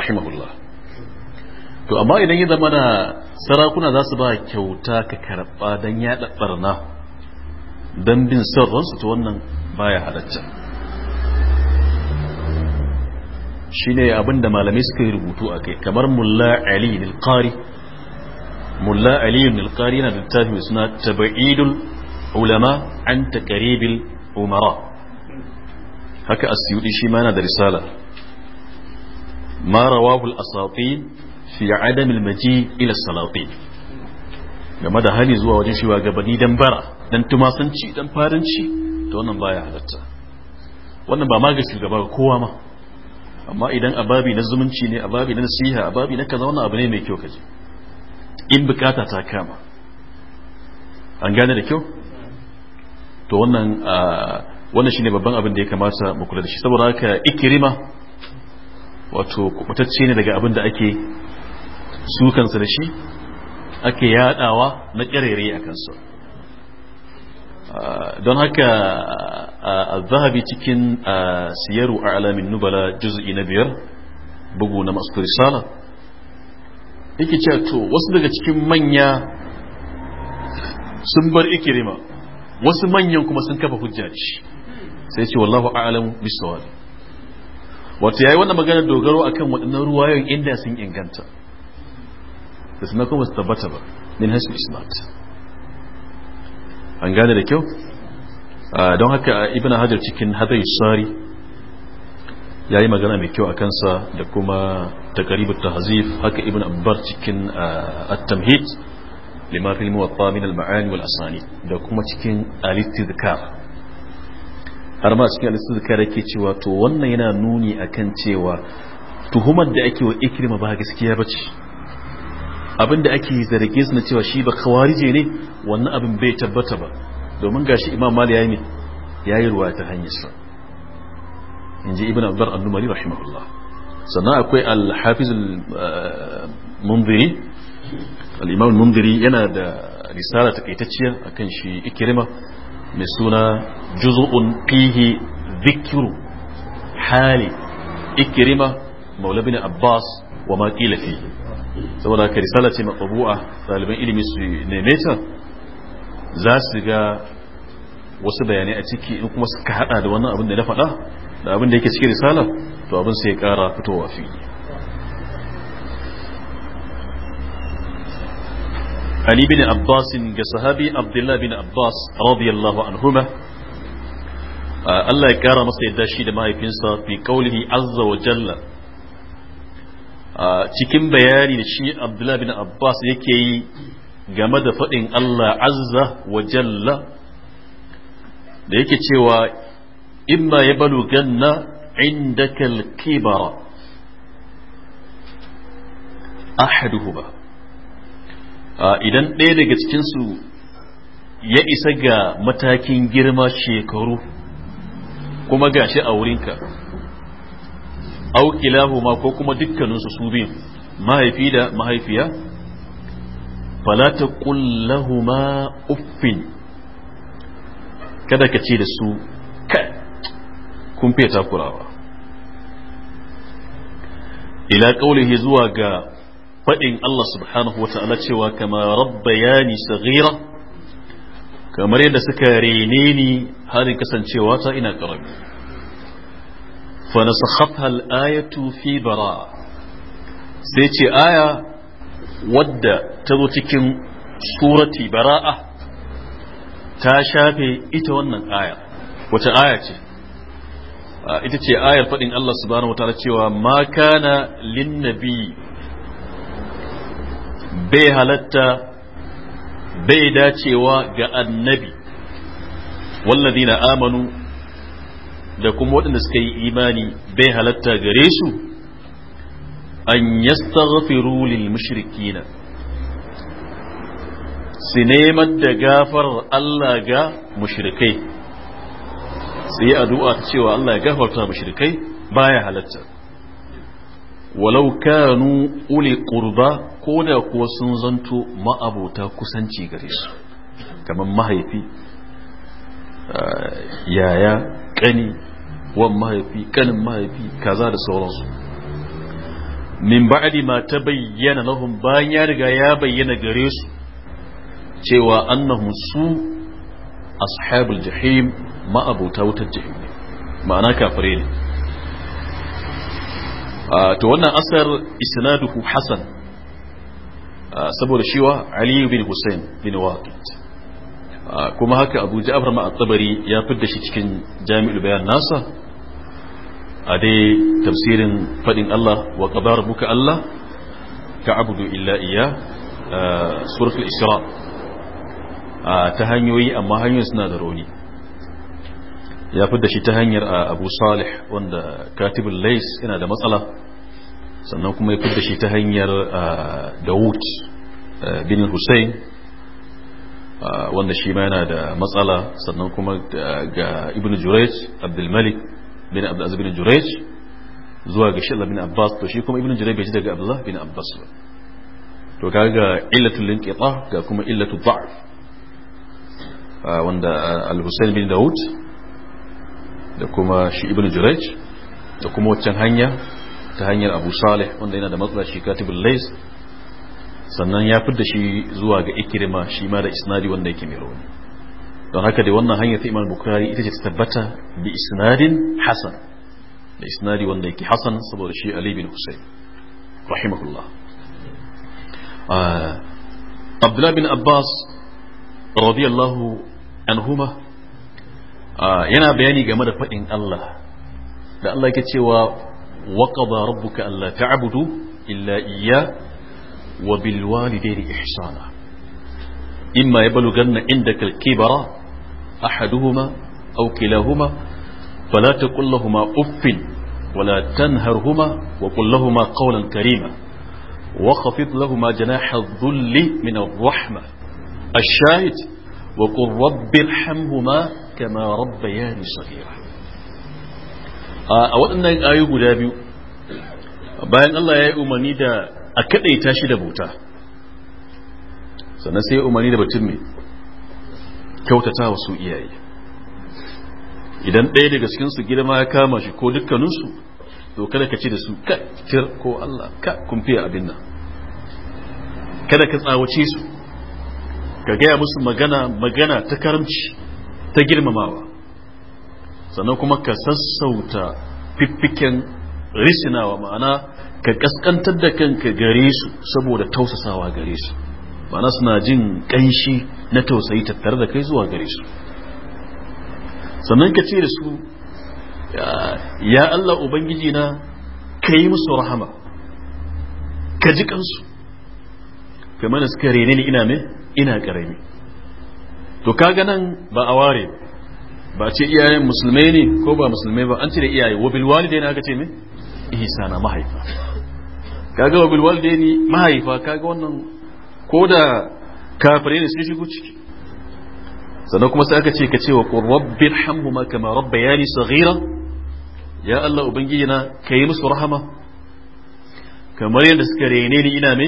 rahimahullah to amma idan ya zama na sarakuna za su ba kyauta ka karɓa dan ya barna dan bin son ransu wannan baya halatta shine abin da malamai suka yi rubutu a kai kamar mulla ali nilkari mulla ali al yana da littafi suna tabaidul ulama an taqribil umara haka asyudi shi ma na da risala ma rawahu al-asatin fi adam al-maji ila salatin game da hali zuwa wajen shiwa gabani dan bara dan tumasanci dan farinci to wannan baya halatta wannan ba ma ga kowa ma amma idan ababi na zumunci ne ababi na nasiha ababi na kaza wannan abu ne mai kyau kaje in bukata ta kama an gane da kyau to wannan wannan shine babban abin da ya kamata mu kula da shi saboda haka ikirima wato kubutacce ne daga abin da ake sukansa da shi ake yadawa na kirere a kansa don haka a zahabi cikin siyaru a alamin nubala juz'i na biyar bugu na masu risala yake cewa to wasu daga cikin manya sun bar ikirima wasu manyan kuma sun kafa hujja da shi sai ce wallahu a'lam bisawab wato yayi wannan magana dogaro akan waɗannan ruwayoyin inda sun inganta da suna kuma su tabbata ba min hasu isnad an gane da kyau don haka ibn hajar cikin hadai sari ya yi magana mai kyau a kansa da kuma takaribu tahzif haka ibn abbar cikin at-tamhid lima fil muwatta min al ma'ani wal asani da kuma cikin al-istizkar har ma cikin al yake cewa to wannan yana nuni akan cewa tuhumar da ake wa ikrima ba gaskiya bace da ake zarge su na cewa shi ba kawarije ne wannan abin bai tabbata ba domin gashi imam mali yayi ne ruwa ta hanyar sa inji ibn abdar an-numari rahimahullah sannan akwai al-hafiz al-munziri al-imam mundiri yana da risala takaitacciya akan shi ikirima mai suna juz'un fihi dhikru hali ikirima maula bin abbas wa ma saboda ka risala ce matsabu'a ɗaliban ilimi su neme ta za su ga wasu bayanai a ciki in kuma suka hada da wannan abin da na faɗa da abin da yake cikin risala to abin sai ya ƙara fitowa fiye. Ali bin Abbas ga sahabi Abdullah bin Abbas radiyallahu anhuma Allah ya kara masa yadda shi da mahaifinsa fi kaulihi azza wa cikin bayani da shi Abdullah bin Abbas yake yi game da faɗin Allah azza wajalla da yake cewa ba ya baluganna indaka al-kibara ahaduhuma idan ɗaya daga cikinsu ya isa ga matakin girma shekaru kuma gashi a wurinka aukilahu ma ko kuma dukkaninsu su biyu mahaifi da mahaifiya falata huma uffin kada ka ce da su kai kun fiye takurawa ila kaulihi zuwa ga faɗin Allah subhanahu wata'ala cewa kama rabbayani saghira kamar yadda suka rene ni halin kasancewa ta ina karami fa nasakhatha ayatu fi bara sai ce aya wadda ta zo cikin surati bara'a ta shafe ita wannan aya wata aya ce ita ce ayar faɗin Allah subhanahu wataala cewa ma kana linnabi bai halatta bai dacewa ga annabi wallazi na amanu da kuma waɗanda suka yi imani bai halatta gare su an yastaghfiru lil mushrikina su neman da gafar Allah ga mushrikai su yi addu'a ta cewa Allah ya gafarta mushrikai baya halatta walau kanu uli qurba ko da kuwa sun zanto ma'abota kusanci gare su kamar mahaifi eh, yaya kani wan mahaifi kanin mahaifi kaza da sauransu min ba'adi ma ta bayyana lahum bayan ya riga ya bayyana gare su cewa annahum su ashabul jahim ma'abota wutar jahim ne ma'ana kafire ne ah, to wannan asar isnaduhu hasan saboda shiwa Ali bin Hussein bin Waqid kuma haka Abu Ja'far ma at-Tabari ya fidda shi cikin Jami'ul Bayan nasa a dai tafsirin fadin Allah wa qadara buka Allah ta'budu illa iya suratul Isra ta hanyoyi amma hanyoyin suna da rauni ya fidda shi ta hanyar Abu Salih wanda katibul Lais yana da matsala sannan kuma ya fidda shi ta hanyar ah, dawud eh, bin hussein ah, wanda shi ma yana da matsala sannan kuma ga ibn jurej abdulmalik bin abdulaziz bin jurej zuwa ga shalla bin abbas to shi kuma ibn jurej bai ji daga abdullah bin abbas ba to kaga illatul linqita ga kuma illatul da'f ah, wanda al-husayn bin Dawud da kuma shi ibn jurej da kuma waccan hanya ta hanyar abu salih wanda yana da matsala shi katibul lais sannan ya fi da shi zuwa ga ikirma shi ma da isnadi wanda yake mai rauni don haka da wannan hanyar ta imam bukari ita ce ta tabbata bi isnadin hasan da isnadi wanda yake hasan saboda shi ali bin husayn rahimahullah ah, bin abbas radiyallahu anhuma ah, yana bayani game da faɗin allah da allah yake cewa وقضى ربك ألا تعبدوا إلا إياه وبالوالدين إحسانا إما يبلغن عندك الكبر أحدهما أو كلاهما فلا تقل لهما أف ولا تنهرهما وقل لهما قولا كريما وخفض لهما جناح الذل من الرحمة الشاهد وقل رب ارحمهما كما ربياني صغيرا a waɗannan ayu guda biyu bayan Allah ya yi umarni da a kaɗaita shi da bauta sannan sai ya umarni da batun mai kyautata wasu iyaye idan ɗaya daga cikinsu girma ya kama shi ko dukkaninsu to kada ka ce da su ka tir ko Allah ka kumfiya abin nan kada ka tsawace su ka gaya musu magana magana ta karamci ta girmamawa sannan kuma ka sassauta fiffiken risinawa ma'ana ka kaskantar da kanka gare su saboda tausasawa gare su ma'ana suna jin ƙanshi na tausayi tattare da kai zuwa gare su sannan ka ce da su ya Allah Ubangiji na ka yi musu rahama ka ji kansu kamar suka rene ni ina me ina ƙarami to kaga nan ba a ware ba ce iyayen musulmai ne ko ba musulmai ba an ce da iyaye wa bil walidaini aka ce me na, mahaifa kaga wa dai walidaini mahaifa kaga wannan ko da kafare ne sun shigo ciki sannan kuma sai aka ce ka ce wa qur rabbil hamhuma kama rabbayani saghira ya Allah ubangiji na kai musu rahama kamar yadda suka rene ni ina me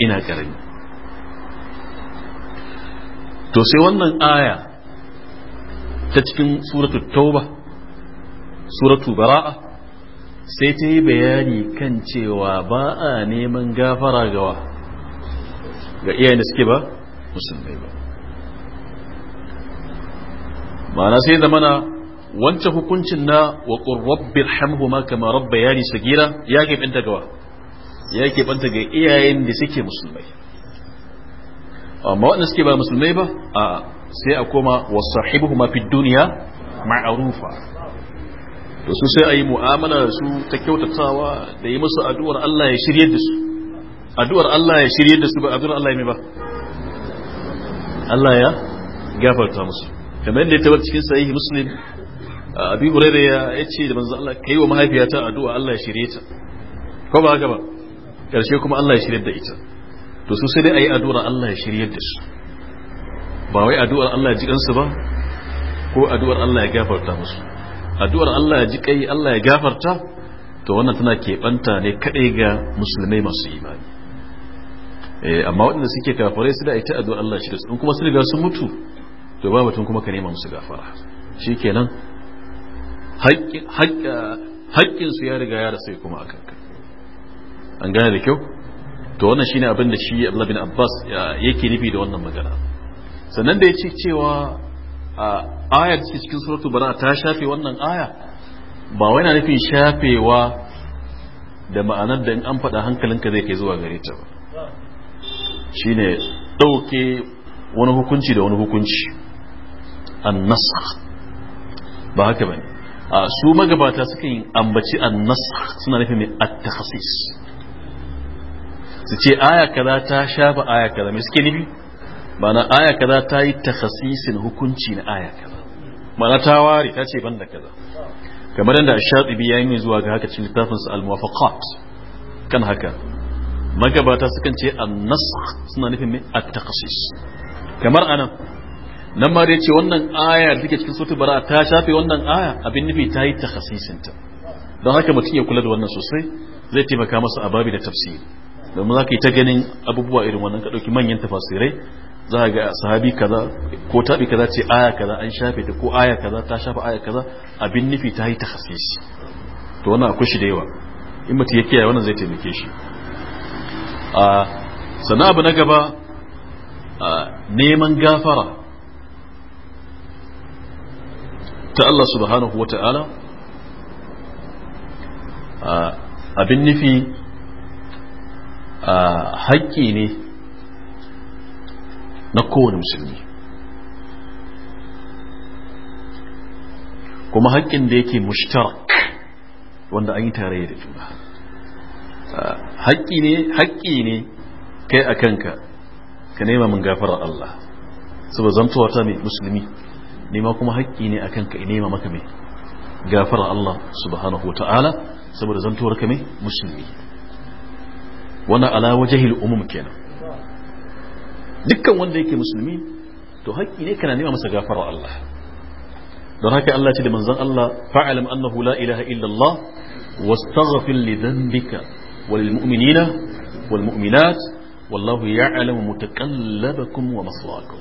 ina karami to sai wannan aya ta cikin suratu tauba suratu bara'a sai ta yi bayani kan cewa ba a neman gafara gawa ga iyayen da suke ba musulmai ba ma'ana sai mana wancan hukuncin na wa hamhu ma kama rabba yari sagira ya keɓanta gawa ya keɓanta ga iyayen da suke musulmai amma waɗanda suke ba musulmai ba a sai a koma wasahibu ma fi duniya ma'arufa to su sai a yi mu'amala da su ta kyautatawa da yi musu addu'ar Allah ya shirye da su addu'ar Allah ya shirye da su ba addu'ar Allah ya mai ba Allah ya gafarta musu kamar yadda ya tabar cikin sahihi muslim abi hurairah ya ce da manzo Allah kai wa mahaifiyata addu'a Allah ya shirye ta ko ba gaba ba karshe kuma Allah ya shirye da ita to su sai dai ayi addu'ar Allah ya shirye da su ba wai addu'ar Allah ya ji kansu ba ko addu'ar Allah ya gafarta musu addu'ar Allah ya ji kai Allah ya gafarta to wannan tana keɓanta ne kaɗai ga musulmai masu imani eh, amma waɗanda suke kafarai su da ita addu'ar Allah shi da su kuma sun riga sun mutu to ba mutum kuma ka nema musu gafara shikenan kenan su ya riga ya sai kuma a kanka an gane da kyau to wannan shine abin da shi Abdullah bin Abbas yake nufi da wannan magana sannan da ya ce cewa a ayar da cikin suratu bara ta shafe wannan aya ba wai na nufin shafewa da ma'anar da in an faɗa hankalinka zai kai zuwa gare ta ba shine ɗauke wani hukunci da wani hukunci an nasa. ba haka bane a su magabata suka yi ambaci an nasa. suna nufin mai at su ce aya kaza ta shafa aya kaza mai suke nufi mana aya kaza ta yi takhasisin hukunci na aya kaza mana ta ware ta ce banda kaza kamar yadda shatibi ya yi zuwa ga haka cikin littafin sa al-muwafaqat kan haka magabata sukan ce an-nasakh suna nufin me at-takhsis kamar anan nan ma dai ce wannan aya da take cikin suratul bara ta shafe wannan aya abin nufi ta yi takhasisin ta don haka mutum ya kula da wannan sosai zai taimaka masa a babi da tafsiri domin za ka yi ta ganin abubuwa irin wannan ka ɗauki manyan tafasirai za ga sahabi kaza ko tabi kaza ce aya kaza an shafe ta ko aya kaza ta shafa aya kaza abin nufi ta yi takhasisi to wannan akwai shi da yawa in mutum ya kiyaye wannan zai taimake shi a sana abu na gaba neman gafara ta Allah subhanahu wa ta'ala abin nufi a haƙƙi ne na kowane musulmi kuma haƙƙin da yake mushtarak wanda an yi tare da juna ah, haƙƙi ne haƙƙi ne kai a kanka ka nema min gafarar Allah saboda zantowa ta mai musulmi nema kuma haƙƙi ne a kanka in nema maka mai gafarar Allah subhanahu wa ta'ala saboda zantowar ka mai musulmi wani ala wajahil umum kenan dukkan wanda yake musulmi to haƙƙi ne kana nema masa gafara Allah don haka Allah ce da manzon Allah fa'alam annahu la ilaha illa Allah wastaghfir li dhanbika wal mu'minina wal mu'minat wallahu ya'lamu mutaqallabakum wa maswaakum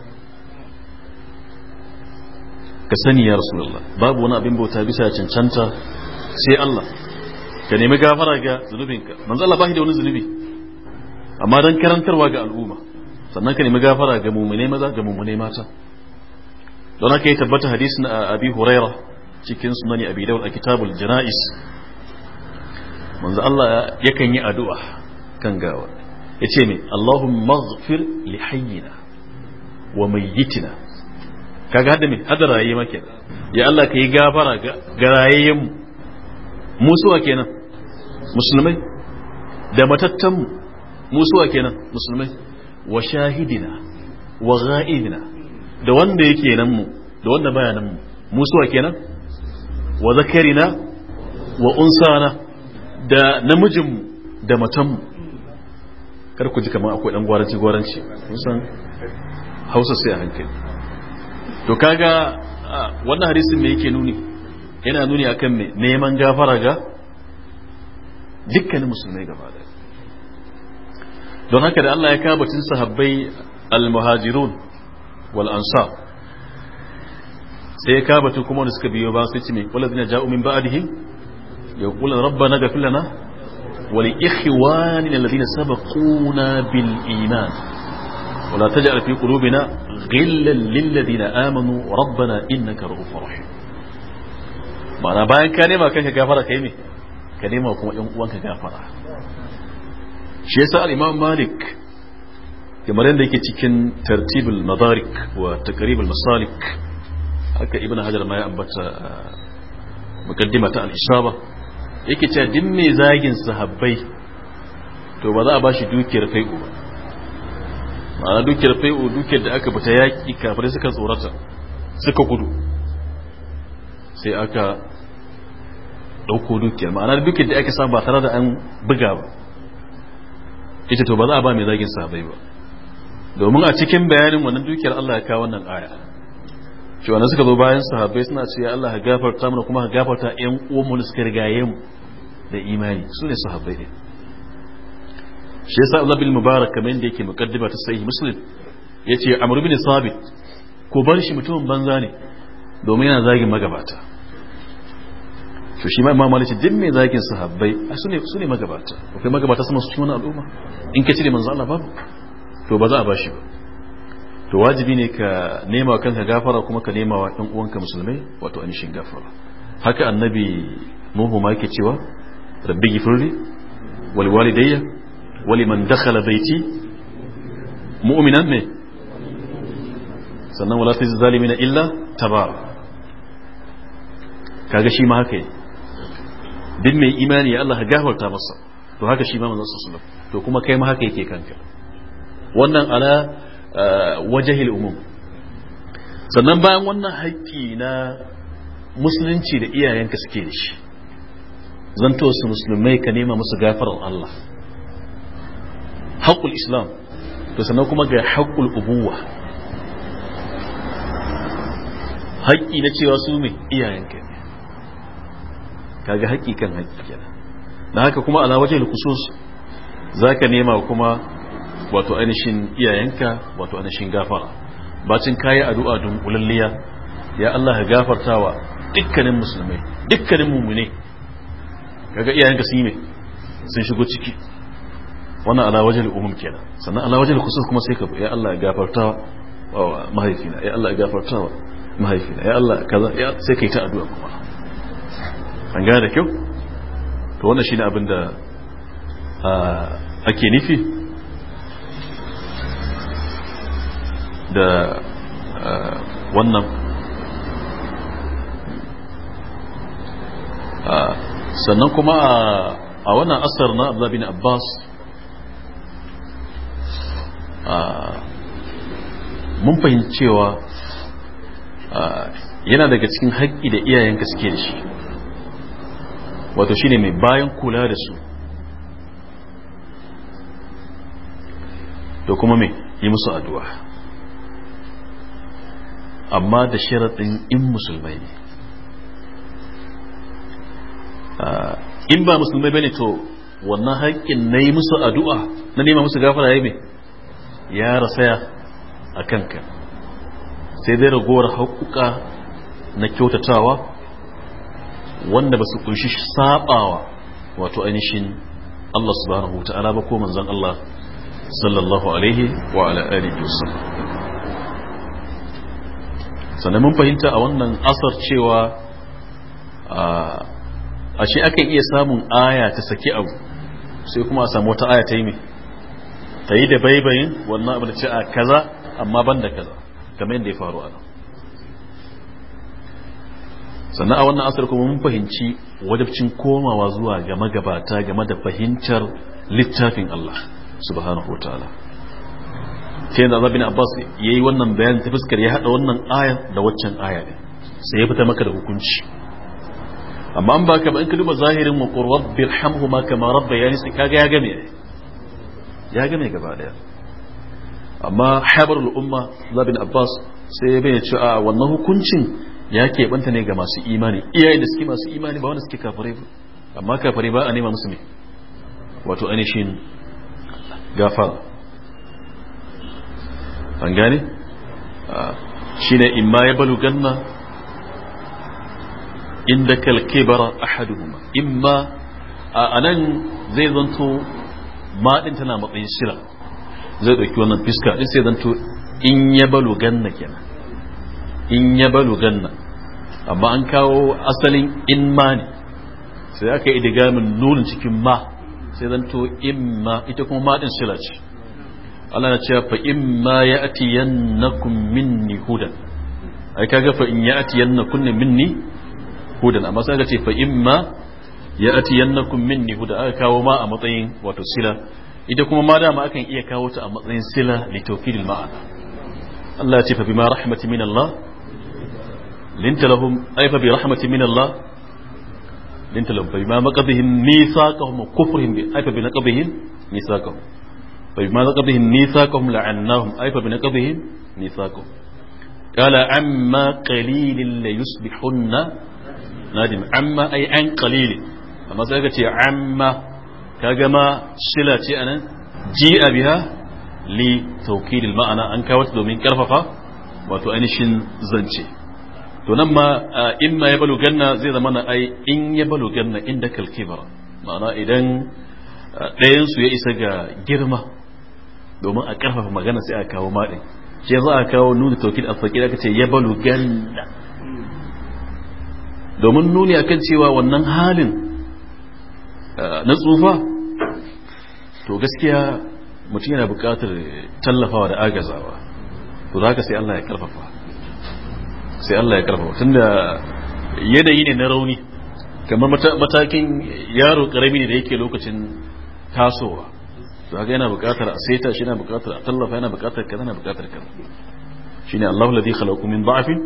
ka sani ya rasulullah babu wani abin bauta bisa cancanta sai Allah ka nemi gafara ga zunubinka manzo Allah bashi da wani zunubi amma dan karantarwa ga al'umma sannan ka nemi gafara ga mummune maza ga mummune mata don haka ya tabbata hadisin a abi huraira cikin sunani abi daud a kitabul jana'is manzo Allah yakan yi addu'a kan gawa yace ne Allahumma ighfir li hayyina wa mayyitina kaga hada me hada rayi ma kenan ya Allah ka yi gafara ga rayayyen mu musuwa kenan musulmai da matattan mu musuwa kenan musulmai wa shahidina wa ghaibina da wanda yake nan mu da wanda baya nan mu mu suwa kenan wa zakarina wa unsana da namijinmu da matanmu kar ku ji kamar akwai dan gwaranci gwaranci san hausa sai a hankali to kaga wannan hadisin me yake nuni yana nuni akan me neman gafara ga dukkanin musulmai gaba da don haka da Allah ya kawo batun sahabbai al-muhajirun wal ansar sai ya kawo batun kuma wanda suka biyo ba sai ce me zina ja'u min ba'dihim yaqulu rabbana ghfir lana wa li ikhwanina alladhina sabaquna bil iman wa la taj'al fi qulubina ghillan lil ladina amanu rabbana innaka ra'ufur rahim ma'ana bayan ka nema kanka gafara kai ne ka nema kuma ɗan uwanka gafara shi yasa al-imam malik kamar yadda yake cikin tartibul madarik wa taqribul masalik haka ibn hajar ma ya ambata muqaddimata al-isaba yake cewa din mai zagin sahabbai to ba za a bashi dukiyar fai'u ba ma'ana dukiyar fai'u dukiyar da aka fita yaki kafirai suka tsorata suka gudu sai aka dauko dukiyar ma'ana dukiyar da aka samu ba tare da an buga ba ita to ba za a ba mai zagin sahabbai ba domin a cikin bayanin wannan dukiyar Allah ya kawo wannan aya shi wannan suka zo bayan sahabbai suna cewa Allah ya gafarta mana kuma ya gafarta ƴan uwan da suka rigaye mu da imani su ne sahabbai ne shi yasa Allah bil mubarak kamar yadda yake muqaddima ta sahih muslim yace amru bin Sabit ko bar shi mutumin banza ne domin yana zagin magabata to shi ma imam malik ce din me zagin sahabbai a su ne su ne magabata akwai magabata sama su cikin wannan al'umma in ka cire manzo Allah babu to ba za a bashi ba to wajibi ne ka nema kanka gafara kuma ka nema wa ɗan uwanka musulmai wato anishin gafara haka annabi nuhu ma yake cewa rabbi gifirli wal walidayya wali man dakhala baiti mu'minan ne sannan wala tazzalimina illa tabar kaga shi ma haka yake duk mai imani ya Allah gafarta masa to haka shi ma manzon sallallahu alaihi wasallam to kuma kai ma haka yake kanka wannan ala eh, wajahil umum sannan bayan wannan haƙƙi na musulunci da iyayenka suke da shi zanto su musulmai ka nema musu gafarar Allah haƙƙul islam to sannan kuma ga haƙƙul ubuwa haƙƙi na cewa su mai iyayenka kaga haƙi kan haƙi kenan na haka kuma ala wajen kusus zaka nema kuma wato ainihin iyayenka wato ainihin gafara bacin kayi addu'a don kulalliya ya Allah ya gafartawa dukkanin musulmai dukkanin mumune kaga iyayenka sun yi sun shigo ciki wannan ala wajen umum kenan sannan ala wajen kusus kuma sai ka ya Allah ya gafartawa mahaifina ya Allah ya gafartawa mahaifina ya Allah kaza sai kai ta addu'a kuma an gane da kyau to wannan shine abin da ake nufi da wannan sannan kuma a wannan asar na abdullahi na abbas mun fahimci cewa yana daga cikin haƙƙi da iyayenka suke da shi wato shine mai bayan kula da su to kuma mai yi musu addu'a amma da sharaɗin in musulmai ne in ba musulmai bane to wannan haƙƙin na yi musu addu'a na nema musu gafara ya mai ya rasaya a kanka sai dai ragowar haƙuƙa na kyautatawa wanda ba su kunshi sabawa wato ainihin Allah subhanahu wa ta'ala ba ko manzon Allah sallallahu alaihi wa ala alihi wasallam sannan mun fahimta a wannan asar cewa a ce akan iya samun aya ta saki abu sai kuma a samu wata aya ta yi mai ta yi da baibayin wannan abu da ce a kaza amma ban da kaza kamar yadda ya faru a nan sannan a wannan asar kuma mun fahimci wajabcin komawa zuwa ga magabata game da fahimtar littafin Allah subhanahu wa ta'ala sai da zabin abbas ya yi wannan bayanin ta fuskar ya haɗa wannan aya da waccan aya ne sai ya fita maka da hukunci amma an baka ba in ka duba zahirin wa qur rabbil hamhuma kama rabbayani nisa kaga ya game ya game gaba daya amma habarul umma zabin abbas sai ya bayyana cewa wannan hukuncin ya keɓanta ne ga masu imani iyayen da suke masu imani ba wanda suke kafare ba amma kafare ba a nema musu ne wato ainihin gafara an gane shi ne imma ya balu ganna inda kalke bara ahaduhuma imma a nan zai zanto maɗin tana matsayin shira zai ɗauki wannan fiska ɗin sai zanto in ya balu ganna kenan in ya balu ganna amma an kawo asalin in ma ne sai aka yi idigamin nunin cikin ma sai zan to in ma ita kuma ma din sila ce Allah na cewa fa in ma ya ati yannakum minni hudan ai kaga fa in ya ati yannakum minni hudan amma sai ka ce fa in ma ya ati yannakum minni hudan aka kawo ma a matsayin wato sila ita kuma ma dama akan iya kawo ta a matsayin sila litofidil ma'ana Allah ya ce fa bima rahmatin min Allah linta lahum aifa bi rahmatin min Allah linta lahum fa ma maqadihim misaqahum wa kufrihim bi aifa bi naqadihim misaqahum fa ma naqadihim misaqahum bi naqadihim misaqahum qala amma qalilin amma ay an qalilin amma sai ka ce amma kaga ma sila ji'a biha li ma'ana an kawo domin karfafa wato ainihin zance to nan ma in ma ya baluganna zai zama na ai in ya baluganna inda kalkibar ma'ana idan ɗayan ya isa ga girma domin a karfafa magana sai a kawo maɗin shi za a kawo nuni tokin a fakir aka ce ya baluganna domin nuni akan cewa wannan halin na tsufa to gaskiya mutum yana buƙatar tallafawa da agazawa to za ka sai Allah ya ƙarfafa. sai Allah ya karfafa tunda yanayi ne na rauni kamar matakin yaro karami ne da yake lokacin tasowa to haka yana buƙatar a saita shi yana buƙatar a tallafa yana buƙatar kaza yana buƙatar kaza shine Allah ladhi khalaqakum min da'fin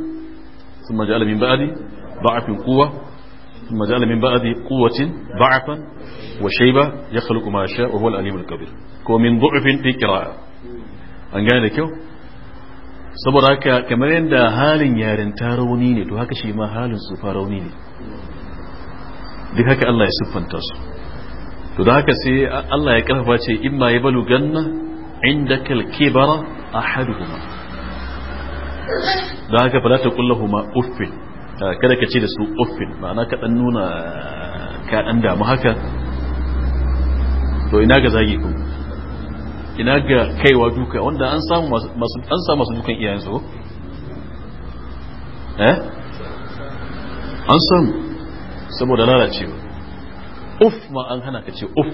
thumma ja'ala min ba'di da'fin quwwa ثم جعل من بعد قوة ضعفا وشيبة يخلق ما شاء وهو العليم الكبير saboda haka kamar yadda halin yarinta rauni ne to haka shi ma halin tsufa rauni ne duk haka Allah ya siffanta su to da haka sai Allah ya karfafa ce in ma ya balu ganna inda kalkebara a haduhuma da haka fa ta kullahuma uffin ah, kada ka ce da su uffin ma'ana ka dan nuna ka dan damu haka to ina ga zagi kuma ina ga kaiwa duka wanda an samu masu an samu masu dukan su eh an samu saboda lalacewa uf ma an hana ka ce uf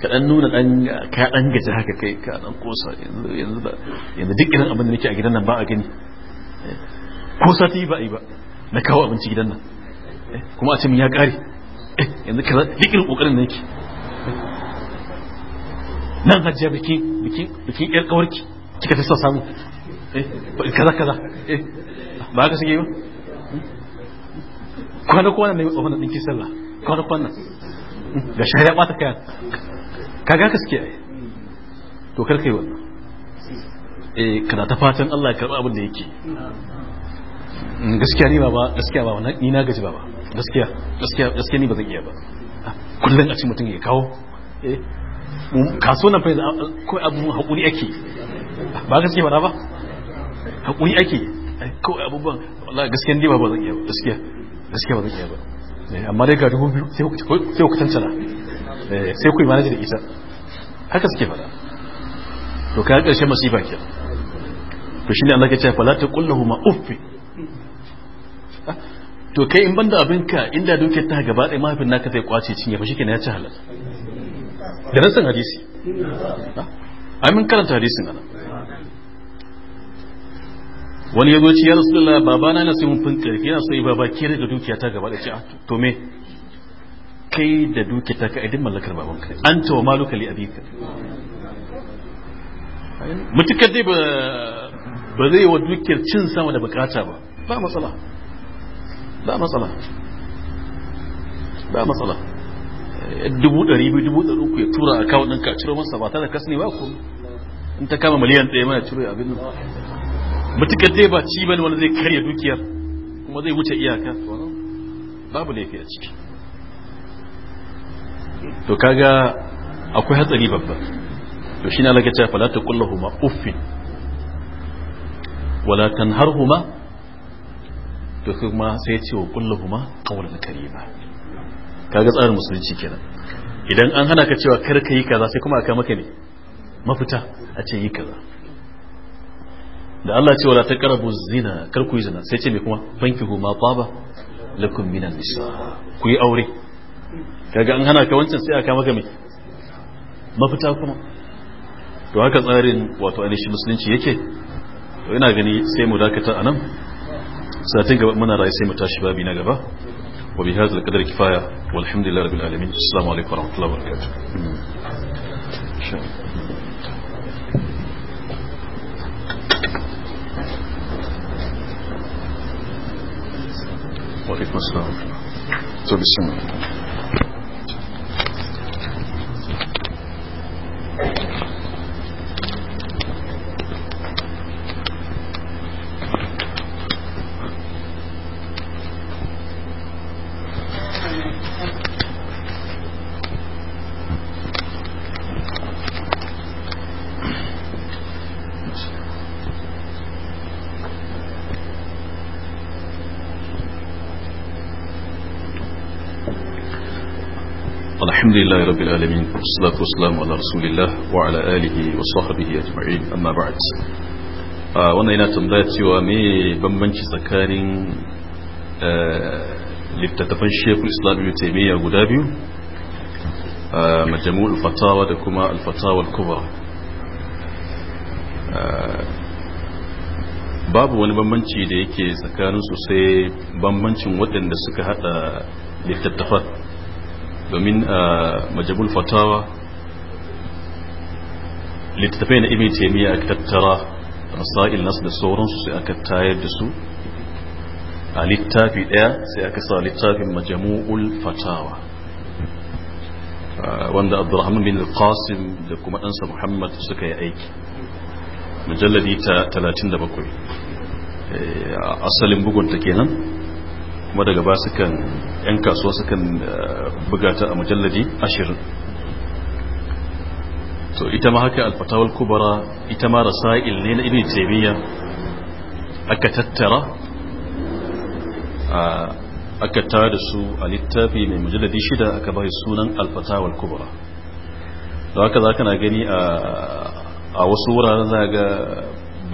ka dan nuna dan ka dan gaji haka kai ka dan kosa yanzu yanzu yanzu duk irin abin da nake a gidan nan ba a gani eh? ko sati ba yi ba na kawo abinci gidan nan eh? kuma a ce min ya kare eh? yanzu kaza duk irin kokarin da nake nan hajiya bikin biki biki yar kawarki kika tasa samu eh kaza kaza eh ba ka sige ba kwana kwana ne wannan dinki sallah kwana kwana ga ba ta kayan kaga ka suke ai to kar kai wannan eh kana ta fatan Allah ya karba abin da yake mm, gaskiya ni baba gaskiya baba ni na gaji baba gaskiya gaskiya gaskiya ni ba zan iya ba kullun a cikin mutum ya kawo eh kaso na fai ko abu haƙuri ake ba gaske ba ba haƙuri ake ko abubuwan wallahi gaskiyan ne ba ba zan iya gaskiya gaskiya ba zan iya ba eh, amma dai ga dubu biyu sai ku tantana eh, sai ku yi manaji da isa haka suke fada to ka ƙarshen masifa ke to shine Allah ke cewa fala ta kullahu ma uffi ah, to kai in banda abinka inda duke ta gaba ɗaya mahaifin naka zai kwace cinye ba na ya ci halal da hadisi a min karanta hadisin ana wani ya zoci ya rasulullah babana na nasu mun fin karfi yana sai baba ke da dukiya ta gaba da ce ah, to me kai da dukiya ta ka idin mallakar baban kai an tawa maluka li abika mutukar dai ba ba zai wa dukiyar cin sama da bukata ba ba matsala ba matsala ba matsala dubu ɗari biyu dubu ɗari uku ya tura akawun ɗinka a ciro masa ba tare da kas ne ba ku in ta kama miliyan ɗaya mana ciro abin nan mutukar dai ba ci bane wani zai karya dukiyar kuma zai wuce iyaka babu laifi a ciki to kaga akwai hatsari babba to shi na Allah ya ce kulla taqullahuma uffin wala tanharhuma to kuma sai ya ce wa kullahuma qawlan karima kaga tsarin musulunci kenan idan an hana ka cewa kar ka yi kaza sai kuma aka maka ne mafita a ce yi kaza da Allah ce wala ta karabu zina kar ku yi zina sai ce me kuma banki ma baba lakum minan nisa ku yi aure kaga an hana ka wancan sai aka maka me mafita kuma to haka tsarin wato ainihin musulunci yake to ina gani sai mu dakata anan satin gaba muna rayu sai mu tashi babi na gaba وبهذا القدر كفاية والحمد لله رب العالمين السلام عليكم ورحمة الله وبركاته وعليكم السلام ورحمه طيب، الله الحمد لله رب العالمين والصلاة والسلام على رسول الله وعلى آله وصحبه أجمعين أما بعد آه، وانا هنا تنبات يوامي بمبنش سكارين آه، لتتفن شيخ الإسلام يتيمية غدابي آه، مجموع الفتاوى دكما الفتاوى الكبرى babu wani bambanci da yake tsakanin su sai bambancin waɗanda suka haɗa littattafan domin a majabul fatawa littattafai na ibi taimiyya a tattara rasa'il nasu da sauransu sai aka tayar da su a littafi daya sai aka sa littafin majamu'ul fatawa wanda abdurrahman bin qasim da kuma ɗansa muhammad suka yi aiki mujalladi ta 37 asalin bugunta kenan kuma daga ba sukan yan kasuwa sukan eh, buga ta a mujalladi ashirin to ita ma haka alfatawar kubara ita ma rasa ne na ibn taymiya aka tattara eh, aka tara da su a littafi mai mujalladi shida aka bai sunan alfatawar kubara da haka za kana gani a wasu wuraren za ga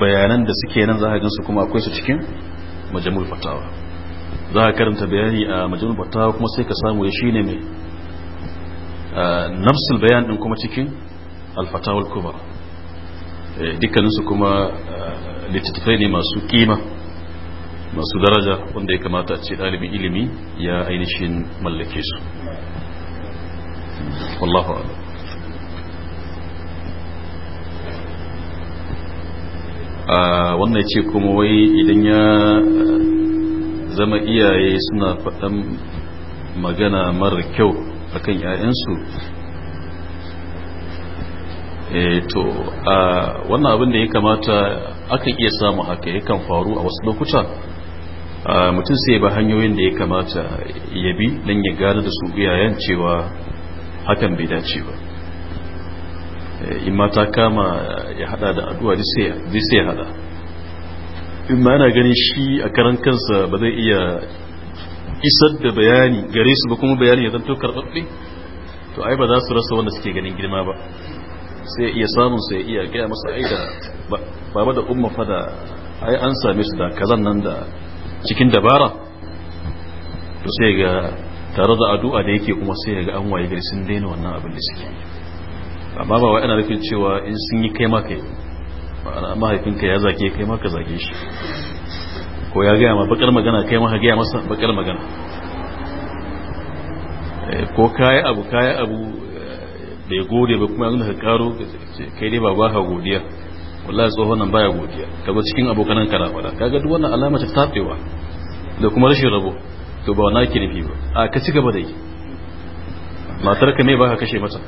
bayanan da suke nan za a gansu kuma akwai su cikin majamul fatawa za a karanta bayani a majalun kuma sai ka samu ya shine mai nafsul bayan din kuma cikin alfatawul kuma eh, dukkaninsu kuma littattafai ne masu kima masu daraja wanda ya kamata ce ɗalibin ilimi ya ainihin mallake su wallahu ala wannan ce kuma wai idan ya zama iyaye suna faɗan magana mara kyau akan 'ya'yansu eh, to a wannan abin da ya kamata akan iya samu haka ya kan faru a wasu lokuta mutum sai ba hanyoyin da ya kamata ya bi don ya gane da su iyayen cewa hakan bai dace ba eh, in mata kama ya hada da addu'a zai sai ya hada in ma ana ganin shi a karan kansa ba zai iya isar da bayani gare su ba kuma bayani ya zanto karɓaɓɓe to ai ba za su rasa wanda suke ganin girma ba sai iya samun sai iya gaya masa ai da ba da umma fada da ai an same su da kazan nan da cikin dabara to sai ga tare da addu'a da yake kuma sai ga an waye gari sun daina wannan abin da suke amma ba wai ana nufin cewa in sun yi kai ma kai mahaifinka ya zaki kai maka zage shi ko ya gaya ma bakar magana kai maka gaya masa bakar magana eh, ko kayi abu kayi abu eh, bai gode ba kuma yanzu ka karo kai dai ba baka godiya wallahi tsohon nan baya godiya kaga cikin abokanan kana fada kaga duk wannan alama ta tafewa da kuma rashin rabo to ba wannan kirfi ba a ka ci gaba da yi matar ka ba ka kashe mata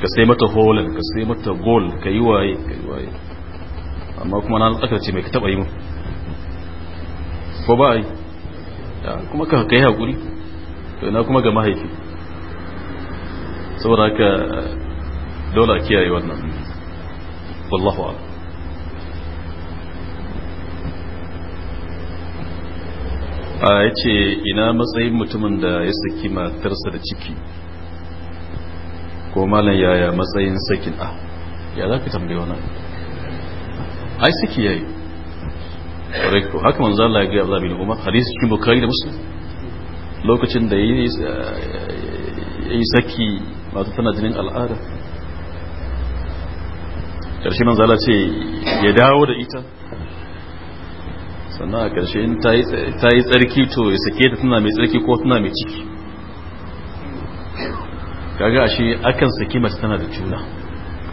ka sai mata holin ka sai mata gol ka yi waye ka yi waye amma kuma na tsaka ce mai ka taba yi mu ko ba yi kuma ka kai hakuri to ina kuma ga mahaifi saboda haka dole a kiyaye wannan wallahu a'lam a ce ina matsayin mutumin da ya saki matarsa da ciki ko malam yaya matsayin sakin a ya za ka tambaye wannan ai saki yayi ko haka manzo Allah ya ga Abdullah bin Umar hadisi cikin Bukhari da Muslim lokacin da yayi yayi saki wato tana jinin al'ada karshe manzo Allah ce ya dawo da ita sannan a karshe in ta yi tsarki to ya sake ta tana mai tsarki ko tana mai ciki kaga ashe akan saki mace tana da juna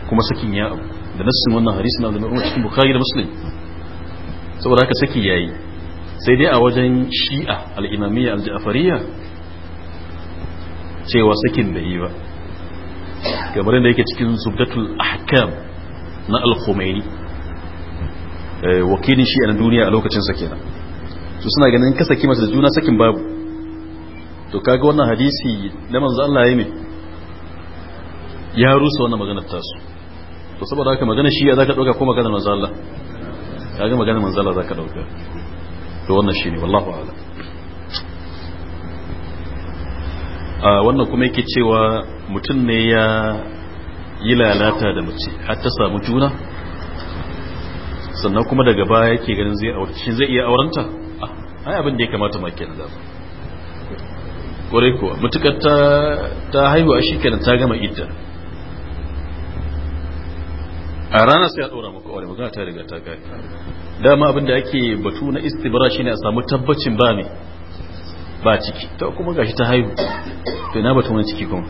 kuma sakin ya abu da nassin wannan hadisi na da cikin bukhari da muslim saboda haka saki yayi sai dai a wajen shi'a al-imamiyya al-ja'fariyya cewa sakin bai yi ba kamar da yake cikin zubdatul ahkam na al-khumaini eh, wakilin shi'a na duniya a lokacin sa kenan su suna ganin ka saki masa da juna sakin babu to kaga wannan hadisi da manzo Allah ya yi ne ya rusa wannan maganar tasu to saboda haka magana shi ya zaka dauka ko maganar manzo Allah kaga maganar manzo Allah zaka dauka to wannan shine ne a'lam a wannan kuma yake cewa mutum ne ya yi lalata da mace har ta samu juna sannan kuma daga baya yake ganin zai aure shin zai iya aurenta ah, ai abin da ya kamata ma kenan zama kore kuwa mutukar ta haihuwa shi kenan ta gama idda a ranar sai a tsora maka aure magana ta riga ta gari dama abin da ake batu na istibara shine a samu tabbacin ba ne ba ciki ta kuma gashi ta haihu to ina batu wani ciki kuma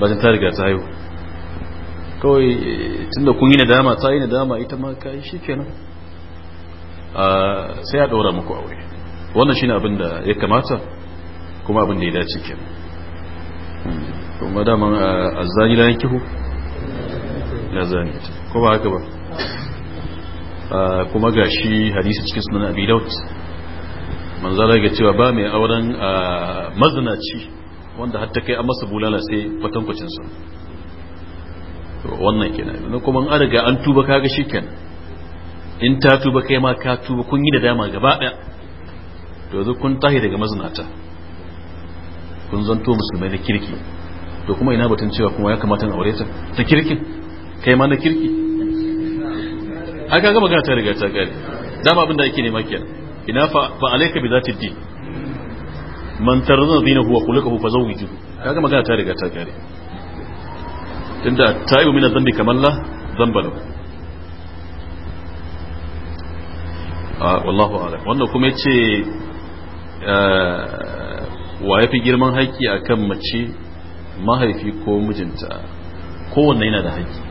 ba ta riga ta haihu kawai eh, tunda kun yi nadama ta yi nadama ita ma kai shikenan sai a ɗora muku aure wannan shine abin da ya kamata kuma abin da ya dace kenan hmm. kuma daman eh, azzani la yankihu la zani ko ba haka ba kuma ga shi hadisi cikin sunan abi daud manzala ga cewa ba mai auren mazinaci wanda hatta kai an masa bulala sai fatankucin sa wannan kenan na kuma an riga an tuba kaga shi kenan in ta tuba kai ma ka tuba kun yi da dama gaba daya to yanzu kun tahi daga mazinata kun zanto musulmai na kirki to kuma ina batun cewa kuma ya kamata aure ta ta kirkin kai ma na kirki ai kaga magana ta riga ta kare dama abin da ake nema kenan ina fa fa alayka bi zati din man tarzana dinahu wa khuluquhu fa zawwijuhu kaga magana ta riga ta kare tunda ta'ibu min adh-dhanbi kaman la dhanba ah wallahu a'lam wannan kuma yace eh, wa yafi girman haƙƙi akan mace mahaifi ko mijinta kowanne yana da haƙƙi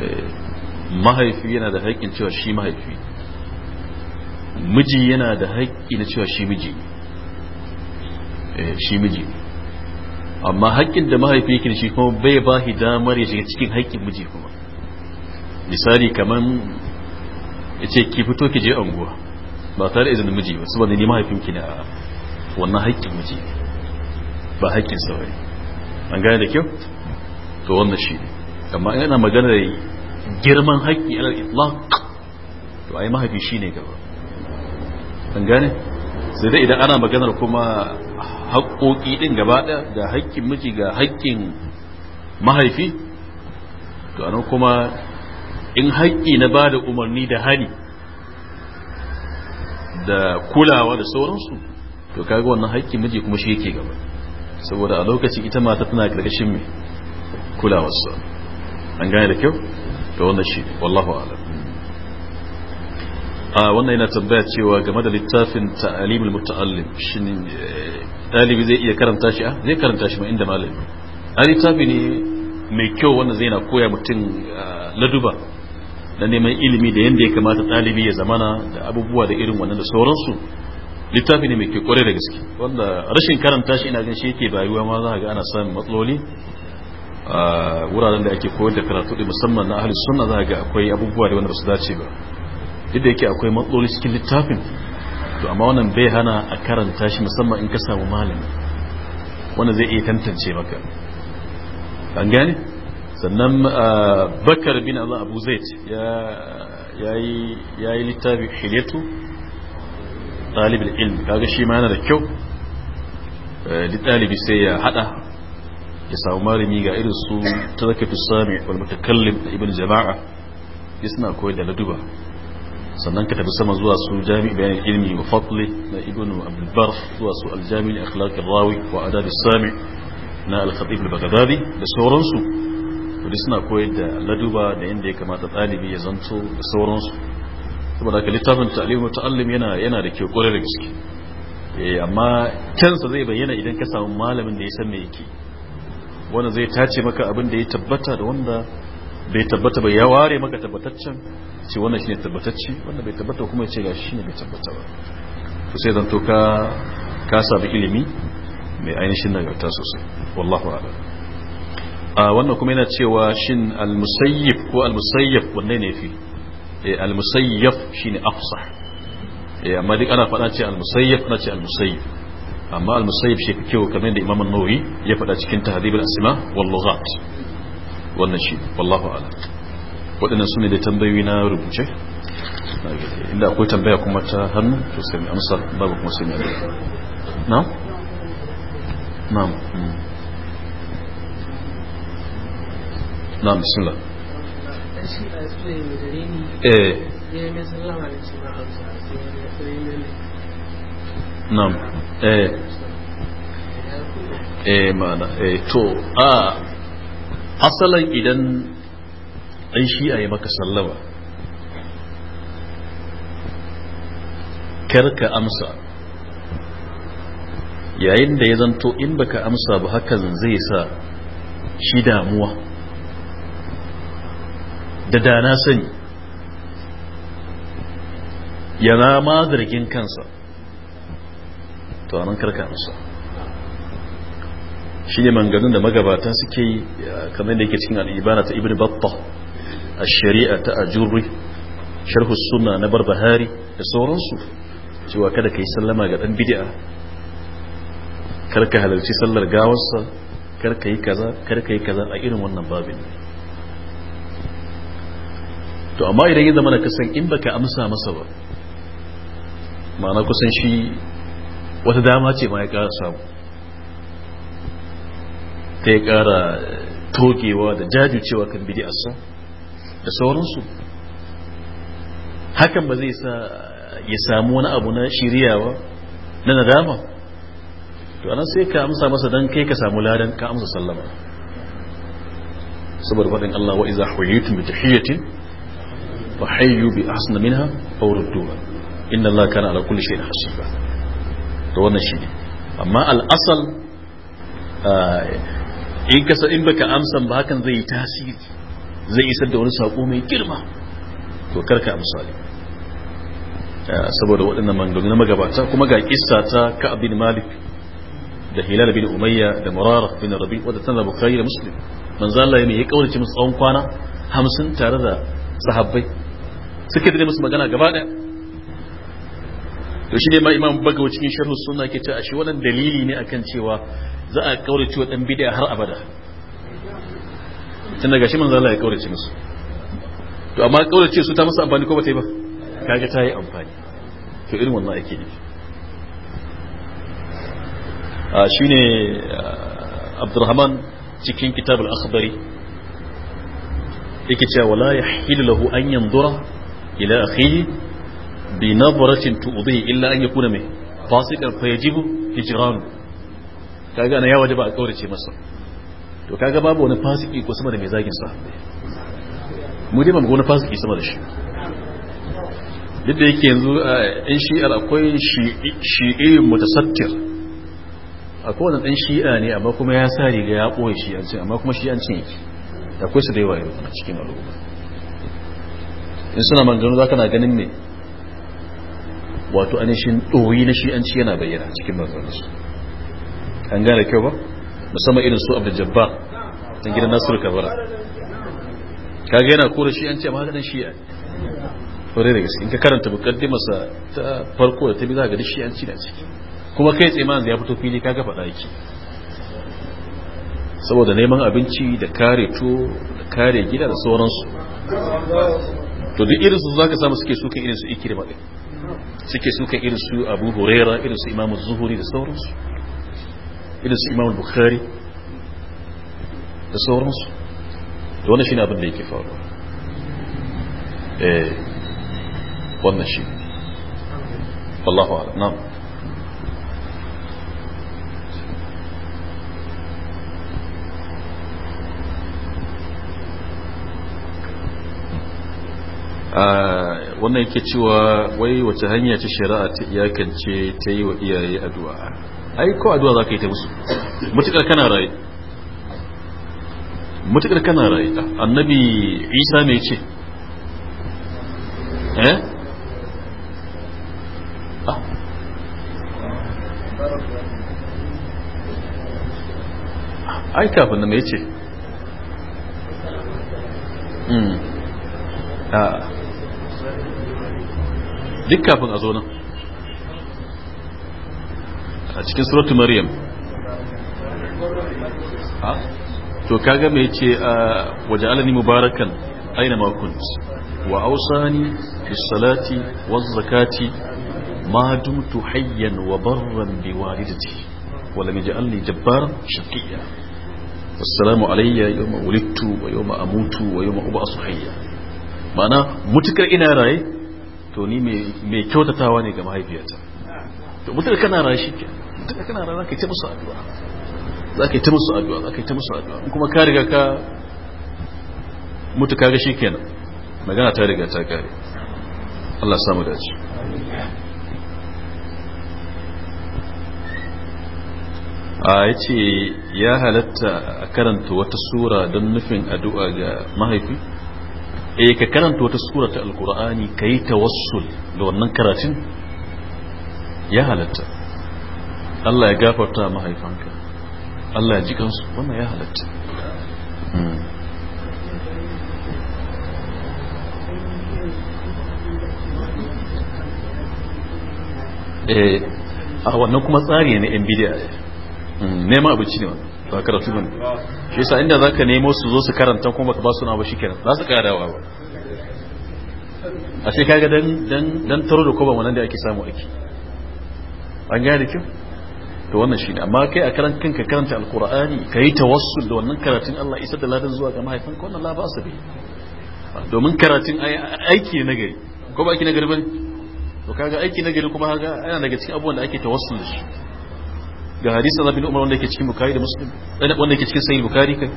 eh, mahaifi yana da haƙƙin cewa shi mahaifi miji yana da haƙƙi na cewa shi miji eh, shi miji amma haƙƙin da mahaifi yake shi kuma bai ba shi damar ya shiga cikin haƙƙin miji kuma misali kamar ya ce ki fito ki je anguwa ba tare da izinin miji ba su wanda ni ki ne wannan haƙƙin miji ba haƙƙin saurari an gane da kyau to wannan shi amma ina magana da girman haƙƙi alal itlaq to ai mahaifi shine gaba an gane sai dai idan ana maganar kuma haƙƙoƙi ɗin gaba da haƙƙin miji ga haƙƙin mahaifi to anan kuma in haƙƙi na bada umarni da hani da kulawa da sauransu to kaga wannan haƙƙin miji kuma shi yake gaba saboda a lokacin ita mata tana ƙarƙashin mai kulawarsa an gane da kyau to wannan shi wallahu a'lam a wannan yana tambaya cewa game da littafin ta'alimul muta'allim shin dalibi eh, zai iya karanta shi a zai karanta shi ma inda malami a littafi ne mai kyau wanda zai na koya mutum laduba na neman ilimi da yadda ya kamata ɗalibi ya zamana da abubuwa da irin wannan da sauransu littafi ne mai kyau kwarai da gaske wanda rashin karanta shi ina ganin shi yake bayuwa ma za ga ana samun matsaloli wuraren da ake koyar da karatu da musamman na ahli sunna za ga akwai abubuwa da wanda su dace ba duk da yake akwai matsaloli cikin littafin to amma wannan bai hana a karanta shi musamman in ka samu malami wanda zai iya tantance maka an gane sannan bakar bin Allah Abu Zaid ya yi littafi hilyatu talibul ilm kaga shi ma yana da kyau duk eh, ɗalibi sai ya hada ya samu malami ga irin su tarkafi sami wal mutakallim da ibn jama'a ya suna koyar da laduba sannan ka tafi sama zuwa su jami'i bayan ilmi wa fadli na ibn abdul bar zuwa su aljami'i akhlaq rawi wa adab sami na al-khatib al-baghdadi da sauransu wanda suna koyar da laduba da inda ya kamata ɗalibi ya zanto da sauransu saboda haka littafin ta'lim wa ta'allim yana yana da kyau kwarai da gaske eh, amma kansa zai bayyana idan ka samu malamin da ya san me yake wanda zai tace maka abin da ya tabbata da wanda bai tabbata bai ya ware maka tabbataccen ce wannan shine tabbatacce wanda bai tabbata kuma ya ce ga shine bai tabbata ba to sai zan to ka ka sabu ilimi mai ainihin nagarta sosai wallahu a'lam a wannan kuma yana cewa shin al-musayyib ko al-musayyab wanne ne fi eh, al-musayyab shine afsah eh, amma duk ana faɗa ce al-musayyab ana ce al-musayyib amma al-musayyib shi kyau kamar da imam nawawi ya faɗa cikin tahdhib al-asma wal lughat wannan shi wallahu a'lam Wadannan sune da tambayoyi na rubuce inda akwai tambaya kuma ta hannu to sai mu amsa babu kuma sai mu na'am na'am mm. na'am bismillah eh Nan eh eh mana eh to a asalan idan dan shi yi maka sallama karka amsa yayin da ya zanto in baka amsa ba hakan zai sa shi damuwa da dana sani yana ma zargin kansa to anan karka amsa shi ne manganin da magabatan suke yi kamar da yake cikin al'ibana ta ibn batta a shari'a ta ajurri sharhu sunna na barbahari da sauransu cewa kada ka yi sallama ga dan bid'a karka halarci sallar gawarsa karka yi kaza karka yi kaza a irin wannan babin to amma idan ya zama na kasan in baka amsa masa ba ma'ana kusan shi wata dama ce ma ya kara samu ta ya kara togewa da jajucewa kan bidi asa da sauransu hakan ba zai sa ya samu wani abu na shiryawa na nadama to anan sai ka amsa masa dan kai ka samu ladan ka amsa sallama saboda faɗin Allah wa iza huyitum bi tahiyatin fa hayyu bi ahsana minha aw rudduha inna Allah kana ala kulli shay'in hasiba to wannan shi ne amma al'asal eh, in kasa in baka amsa ba hakan zai yi tasiri zai isar da wani sako mai girma to karka amsa ne eh, saboda waɗannan mangalu na magabata kuma ga kissa ta ka'ab bin malik da hilal bin umayya da murara bin rabi wadda tana bukhari da muslim manzo Allah ya kaurace musu tsawon kwana 50 tare da sahabbai suke dade musu magana gaba daya to shi ne ma imam bagawa cikin sharhu sunna ke ce a shi wannan dalili ne akan cewa za a kaurace wa dan bid'a har abada tun gashi shi manzo Allah ya kaurace musu to amma kaurace su ta musu amfani ko ba ta yi ba kaga ta yi amfani to irin wannan ake ne a shi ne Abdurrahman cikin kitab al-akhbari yake cewa wala yahilu lahu an yanzura ila akhihi bi nadratin tu'dhi illa an yakuna mai fasikan fa yajibu hijran kaga ana ya wajaba a kaurace masa to kaga babu wani fasiki ko sama da mai zagin sa mu dai ba mu ga wani fasiki sama da shi duk da yake yanzu ɗan shi'ar akwai shi'i mutasattir Akwai wani ɗan shi'a ne amma kuma ya sa riga ya ɓoye shi'ancin amma kuma shi an yake akwai su da yawa yau a cikin al'umma in suna manganu za ka na ganin me wato anishin ɗoyi na shi'anci yana bayyana cikin manzanninsu an gane kyau ba musamman irin su abu jabba don gidan nasiru kabara kaga yana kora shi'anci a maganin shi'a kwarai da gaske in ka karanta mukaddimarsa ta farko da ta bi za ga duk shi'anci na ciki kuma kai tsaye manzu ya fito fili kaga faɗa yake saboda neman abinci da kare to da kare gida da sauransu to duk su za ka samu suke sukan su ikirma ɗin suke suka irin su abu huraira irin su imamu zuhuri da sauransu irin su imamu bukari da sauransu da wannan shine abin da yake faru eh wannan shi wallahu a'lam na'am wannan yake cewa wai wace hanya ce shari'a ta iyakance ta yi wa iyaye addu'a ai ko addu'a za ka yi ta musu mutukar kana rai mutukar kana rai annabi isa mai ce eh ah. ai kafin nan ya ce hmm. ah. duk kafin a zo a cikin suratu maryam to kaga mai ce a ah, waje alani mubarakan aina makunt wa ausani bisalati wazzakati ma dumtu hayyan wa barran bi walidati wa lam yaj'alni jabbaran shaqiyya assalamu alayya yawma wulidtu wa yawma amutu wa yawma ub'asu hayya ma'ana mutukar ina raye to ni mai kyautatawa ne ga mahaifiyata to mutum kana rana shi ke mutum kana rana ka ce musu addu'a za ka yi ta musu addu'a za ka yi ta musu addu'a kuma ka riga ka mutu kaga shi kenan magana ta riga ta kare Allah samu dace a ya ya halatta a karanta wata sura don nufin addu'a ga mahaifi E, ka karanta wata sura ta alkur'ani ka yi tawassul da wannan karatun ya halatta Allah ya gafarta mahaifanka Allah ya ji kansu wannan ya halatta
hmm. eh,
a wannan kuma tsari ne yan bidiyar hmm, neman abinci ne wannan ba karatu bane
shi sa inda zaka
nemo su zo su karanta kuma baka ba su na ba shikenan za su kara ba. a sai kaga dan dan dan taro da koban wannan da ake samu aiki. an gane kyau to wannan shi amma kai a karanta kanka karanta alkur'ani ka yi tawassul da wannan karatun Allah isa da ladan zuwa ga mahaifin ka wannan ba su bi domin karatun aiki na gari ko ba aiki na gari bane to kaga aiki na gari kuma kaga ana daga cikin abubuwan da ake tawassul da shi ga hadisin rabin umar wanda yake cikin bukari da muslim eh, wanda yake cikin sahih bukari kai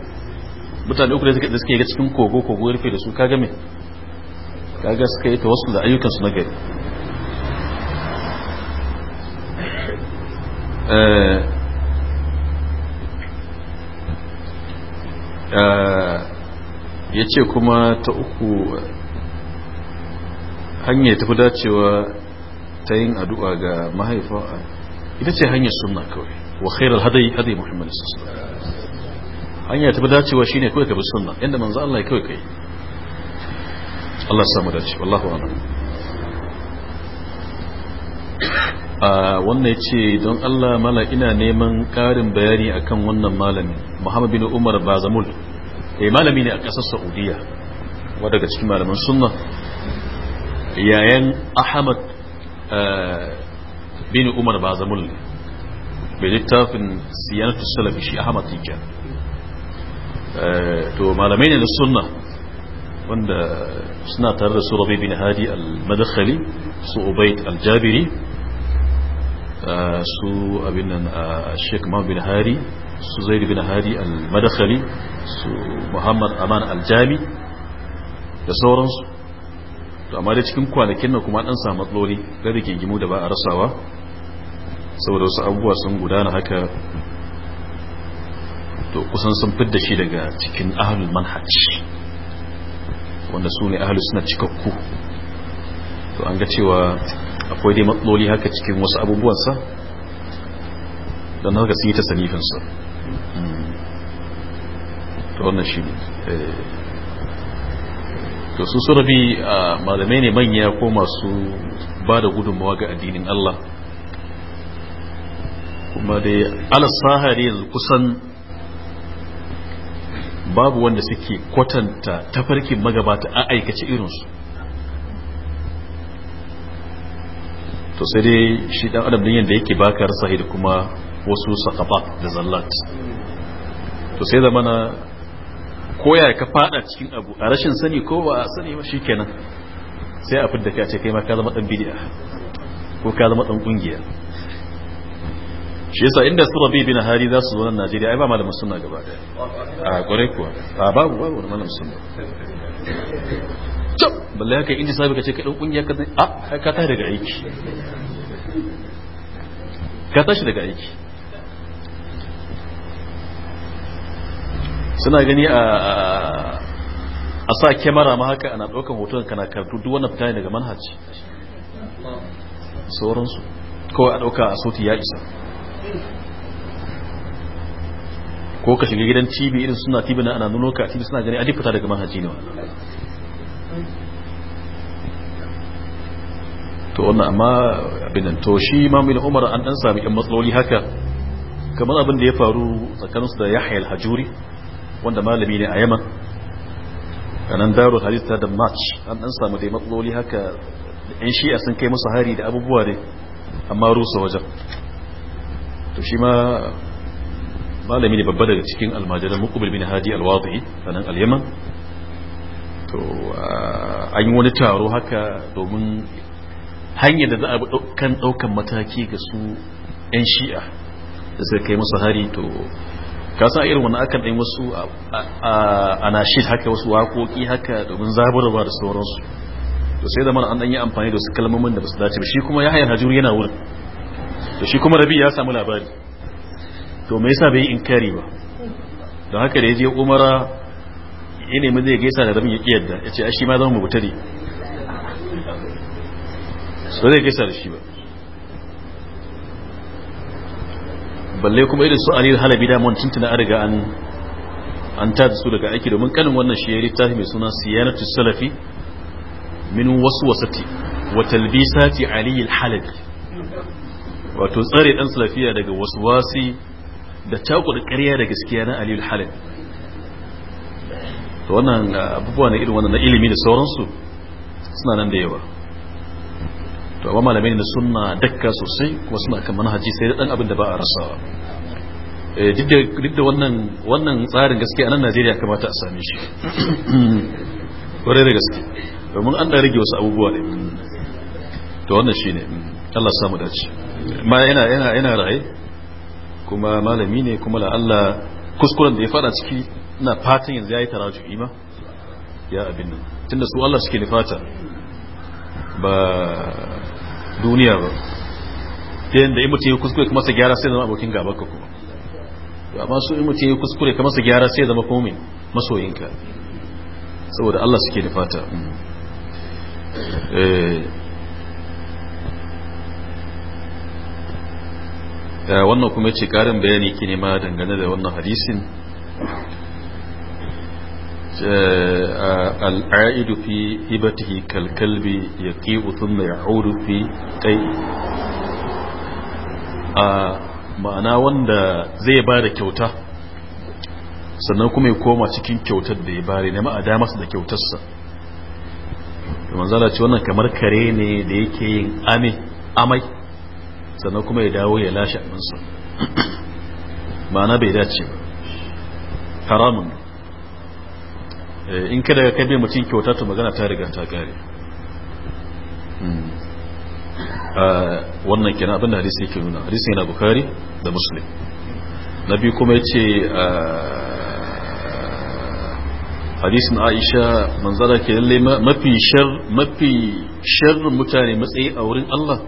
mutane uku da suke ga cikin kogo kogo rufe da su kaga me kaga suka yi tawassul da ayyukan su na gari eh, eh, ya ce kuma ta uku hanya tafi dacewa ta yin addu'a ga mahaifa ita ce hanyar suna kawai wa khairal hadai hadai muhammad sallallahu alaihi wasallam hanya ta dacewa shine kawai ka bi suna inda manzo Allah ya kawai kai Allah samu dace wallahu a'lam *coughs* wannan ya ce don Allah mala ina neman ƙarin bayani akan wannan malamin Muhammad bin Umar Bazamul eh malami ne a ƙasar Saudiya Wa daga cikin malaman sunna yayan Ahmad eh, بين عمر بازمل بلتافن سيانة السلف شي أحمد تيجا آه، تو مالمين للسنة وند سنة الرسول ربي بن هادي المدخلي سو بيت الجابري آه، سو أبن آه، الشيخ مام بن هادي سو زيد بن هادي المدخلي سو محمد أمان الجامي يصورن سو amma da cikin kwanakin na kuma an samu matsaloli da da ke gimu da ba a rasawa saboda wasu abubuwa sun gudana haka to kusan sun fidda shi daga cikin ahlul manhaj wanda su ne ahlus suna cikakku to an ga cewa akwai dai matsaloli haka cikin wasu abubuwansa don haka sun yi ta sanifinsa to wannan shi eh. to su surabi ah, malamai ne manya ko masu ba da gudunmawa ga addinin Allah kuma dai alasahari yanzu kusan babu wanda suke kwatanta tafarkin magabata a aikace irinsu to sai dai shi dan adam din yadda yake bakar sahi da kuma wasu sakabat da zallat to sai zamana koya ka fada cikin abu a rashin sani ko ba a sani ba shikenan sai a fidda ka ce kai ma ka zama dan bid'a ko ka zama dan kungiya shi yasa inda su rabi bin hari za su zo nan najeriya ai ba malamin sunna gaba daya a kore kuwa a babu babu wani malamin sunna to balle kai inji sabi kace kai dan kungiya ka a ah, ka tashi daga aiki ka tashi daga aiki suna gani a a sa kyamara ma haka ana ɗaukan hoton kana karatu duk wannan fita ne daga manhaji sauransu kawai a ɗauka a sauti ya isa ko ka shiga gidan cibi irin suna tibi na ana nuno ka cibi suna gani a fita daga manhaji ne to wannan amma abin to shi ma umar an dan sami yan matsaloli haka kamar abin da ya faru tsakaninsu da yahya al-hajuri wanda malami ne a yaman kanan Daru hadith da march an dan samu dai matsaloli haka yan shi'a sun kai musu hari da abubuwa ne amma rusa wajen to shi ma malami ne babba daga cikin almajiran mukubil bin hadi alwadi a nan alyaman to ah, an yi wani taro haka domin hanyar da za a kan daukan mataki ga su 'yan shi'a da suka kai musu hari to kasan irin wani akan ɗin wasu anashid haka wasu waƙoƙi haka domin zaburarwa da sauransu to sai da mana an ɗanyi amfani da wasu kalmomin da ba su dace ba shi kuma ya hayar hajjuri yana wurin to shi kuma rabi ya samu labari to me yasa bai inkari ba don haka da ya je umara ya nemi zai gaisa da rabin ya kiyarda ya ce a shi ma zama mubutari so zai gaisa da shi ba balle kuma irin su alil halabi da mun tuntuna an riga an an tada su daga aiki domin kanin wannan shi ya littafi mai suna siyanatu salafi min wasu wasati wa talbisati aliyil halabi wato tsare dan salafiya daga waswasi da cakuɗa ƙarya da gaskiya na aliyu halin to wannan ah, abubuwa na irin wannan na ilimi da sauransu suna nan da yawa to amma malamai na sunna dakka sosai kuma suna kan manhaji sai da dan abin da ba a rasawa eh, duk da wannan wannan tsarin gaskiya nan Najeriya kamata a same shi
*coughs*
kwarai da gaske domin an da rage wasu abubuwa ne to wannan shine Allah samu dace ma ina ina ina raye kuma malami ne kuma la Allah kuskuren da ya fara ciki ina fatan yanzu yayi taraju'i ma ya abin nan tunda su Allah suke nufata ba duniya ba ta da in ya kuskure kuma sa gyara sai zama abokin gaba ka kuma amma su in ya kuskure kuma sa gyara sai zama komai masoyinka saboda Allah suke nufata mm. eh Eh, wannan kuma ce karin bayani ke nema dangane da wannan hadisin eh, al'aidu fi ibatihi kalkalbi ya da ya mai fi ƙai a ma'ana wanda zai ba da kyauta sannan kuma ya koma cikin kyautar da ya bari nema a damasa da kyautarsa manzala ce wannan kamar kare ne da yake yin amai sannan kuma ya dawo ya lashe abinsa ma'ana bai dace haramun eh, in kada ka bai mutum kyauta to magana ta riga ta gare. Hmm. Ah, wannan kenan abin da hadisi yake nuna hadisi yana bukari da muslim na biyu kuma ya yace ah, hadisin aisha manzara ke lalle mafi shar mafi shar mutane matsayi a wurin Allah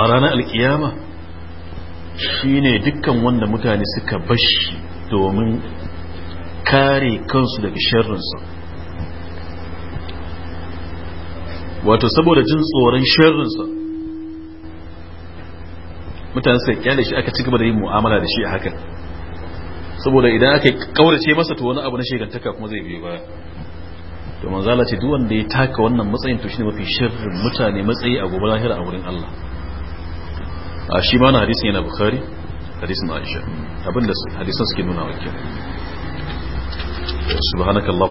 a ranar alkiyama shine dukkan wanda mutane suka bashi domin kare kansu daga sharrinsa wato saboda jin tsoron sharrinsa mutane suka kyale shi aka ci gaba da yin mu'amala da shi a hakan saboda idan aka kaurace masa to wani abu na shekantaka kuma zai biyo baya to manzala ce duk wanda ya taka wannan matsayin to shi ne mafi sharrin mutane matsayi a gobe lahira a wurin Allah a shi ma na hadisin yana bukari hadisun aisha abinda hadisan suke nuna wakil subhanakallah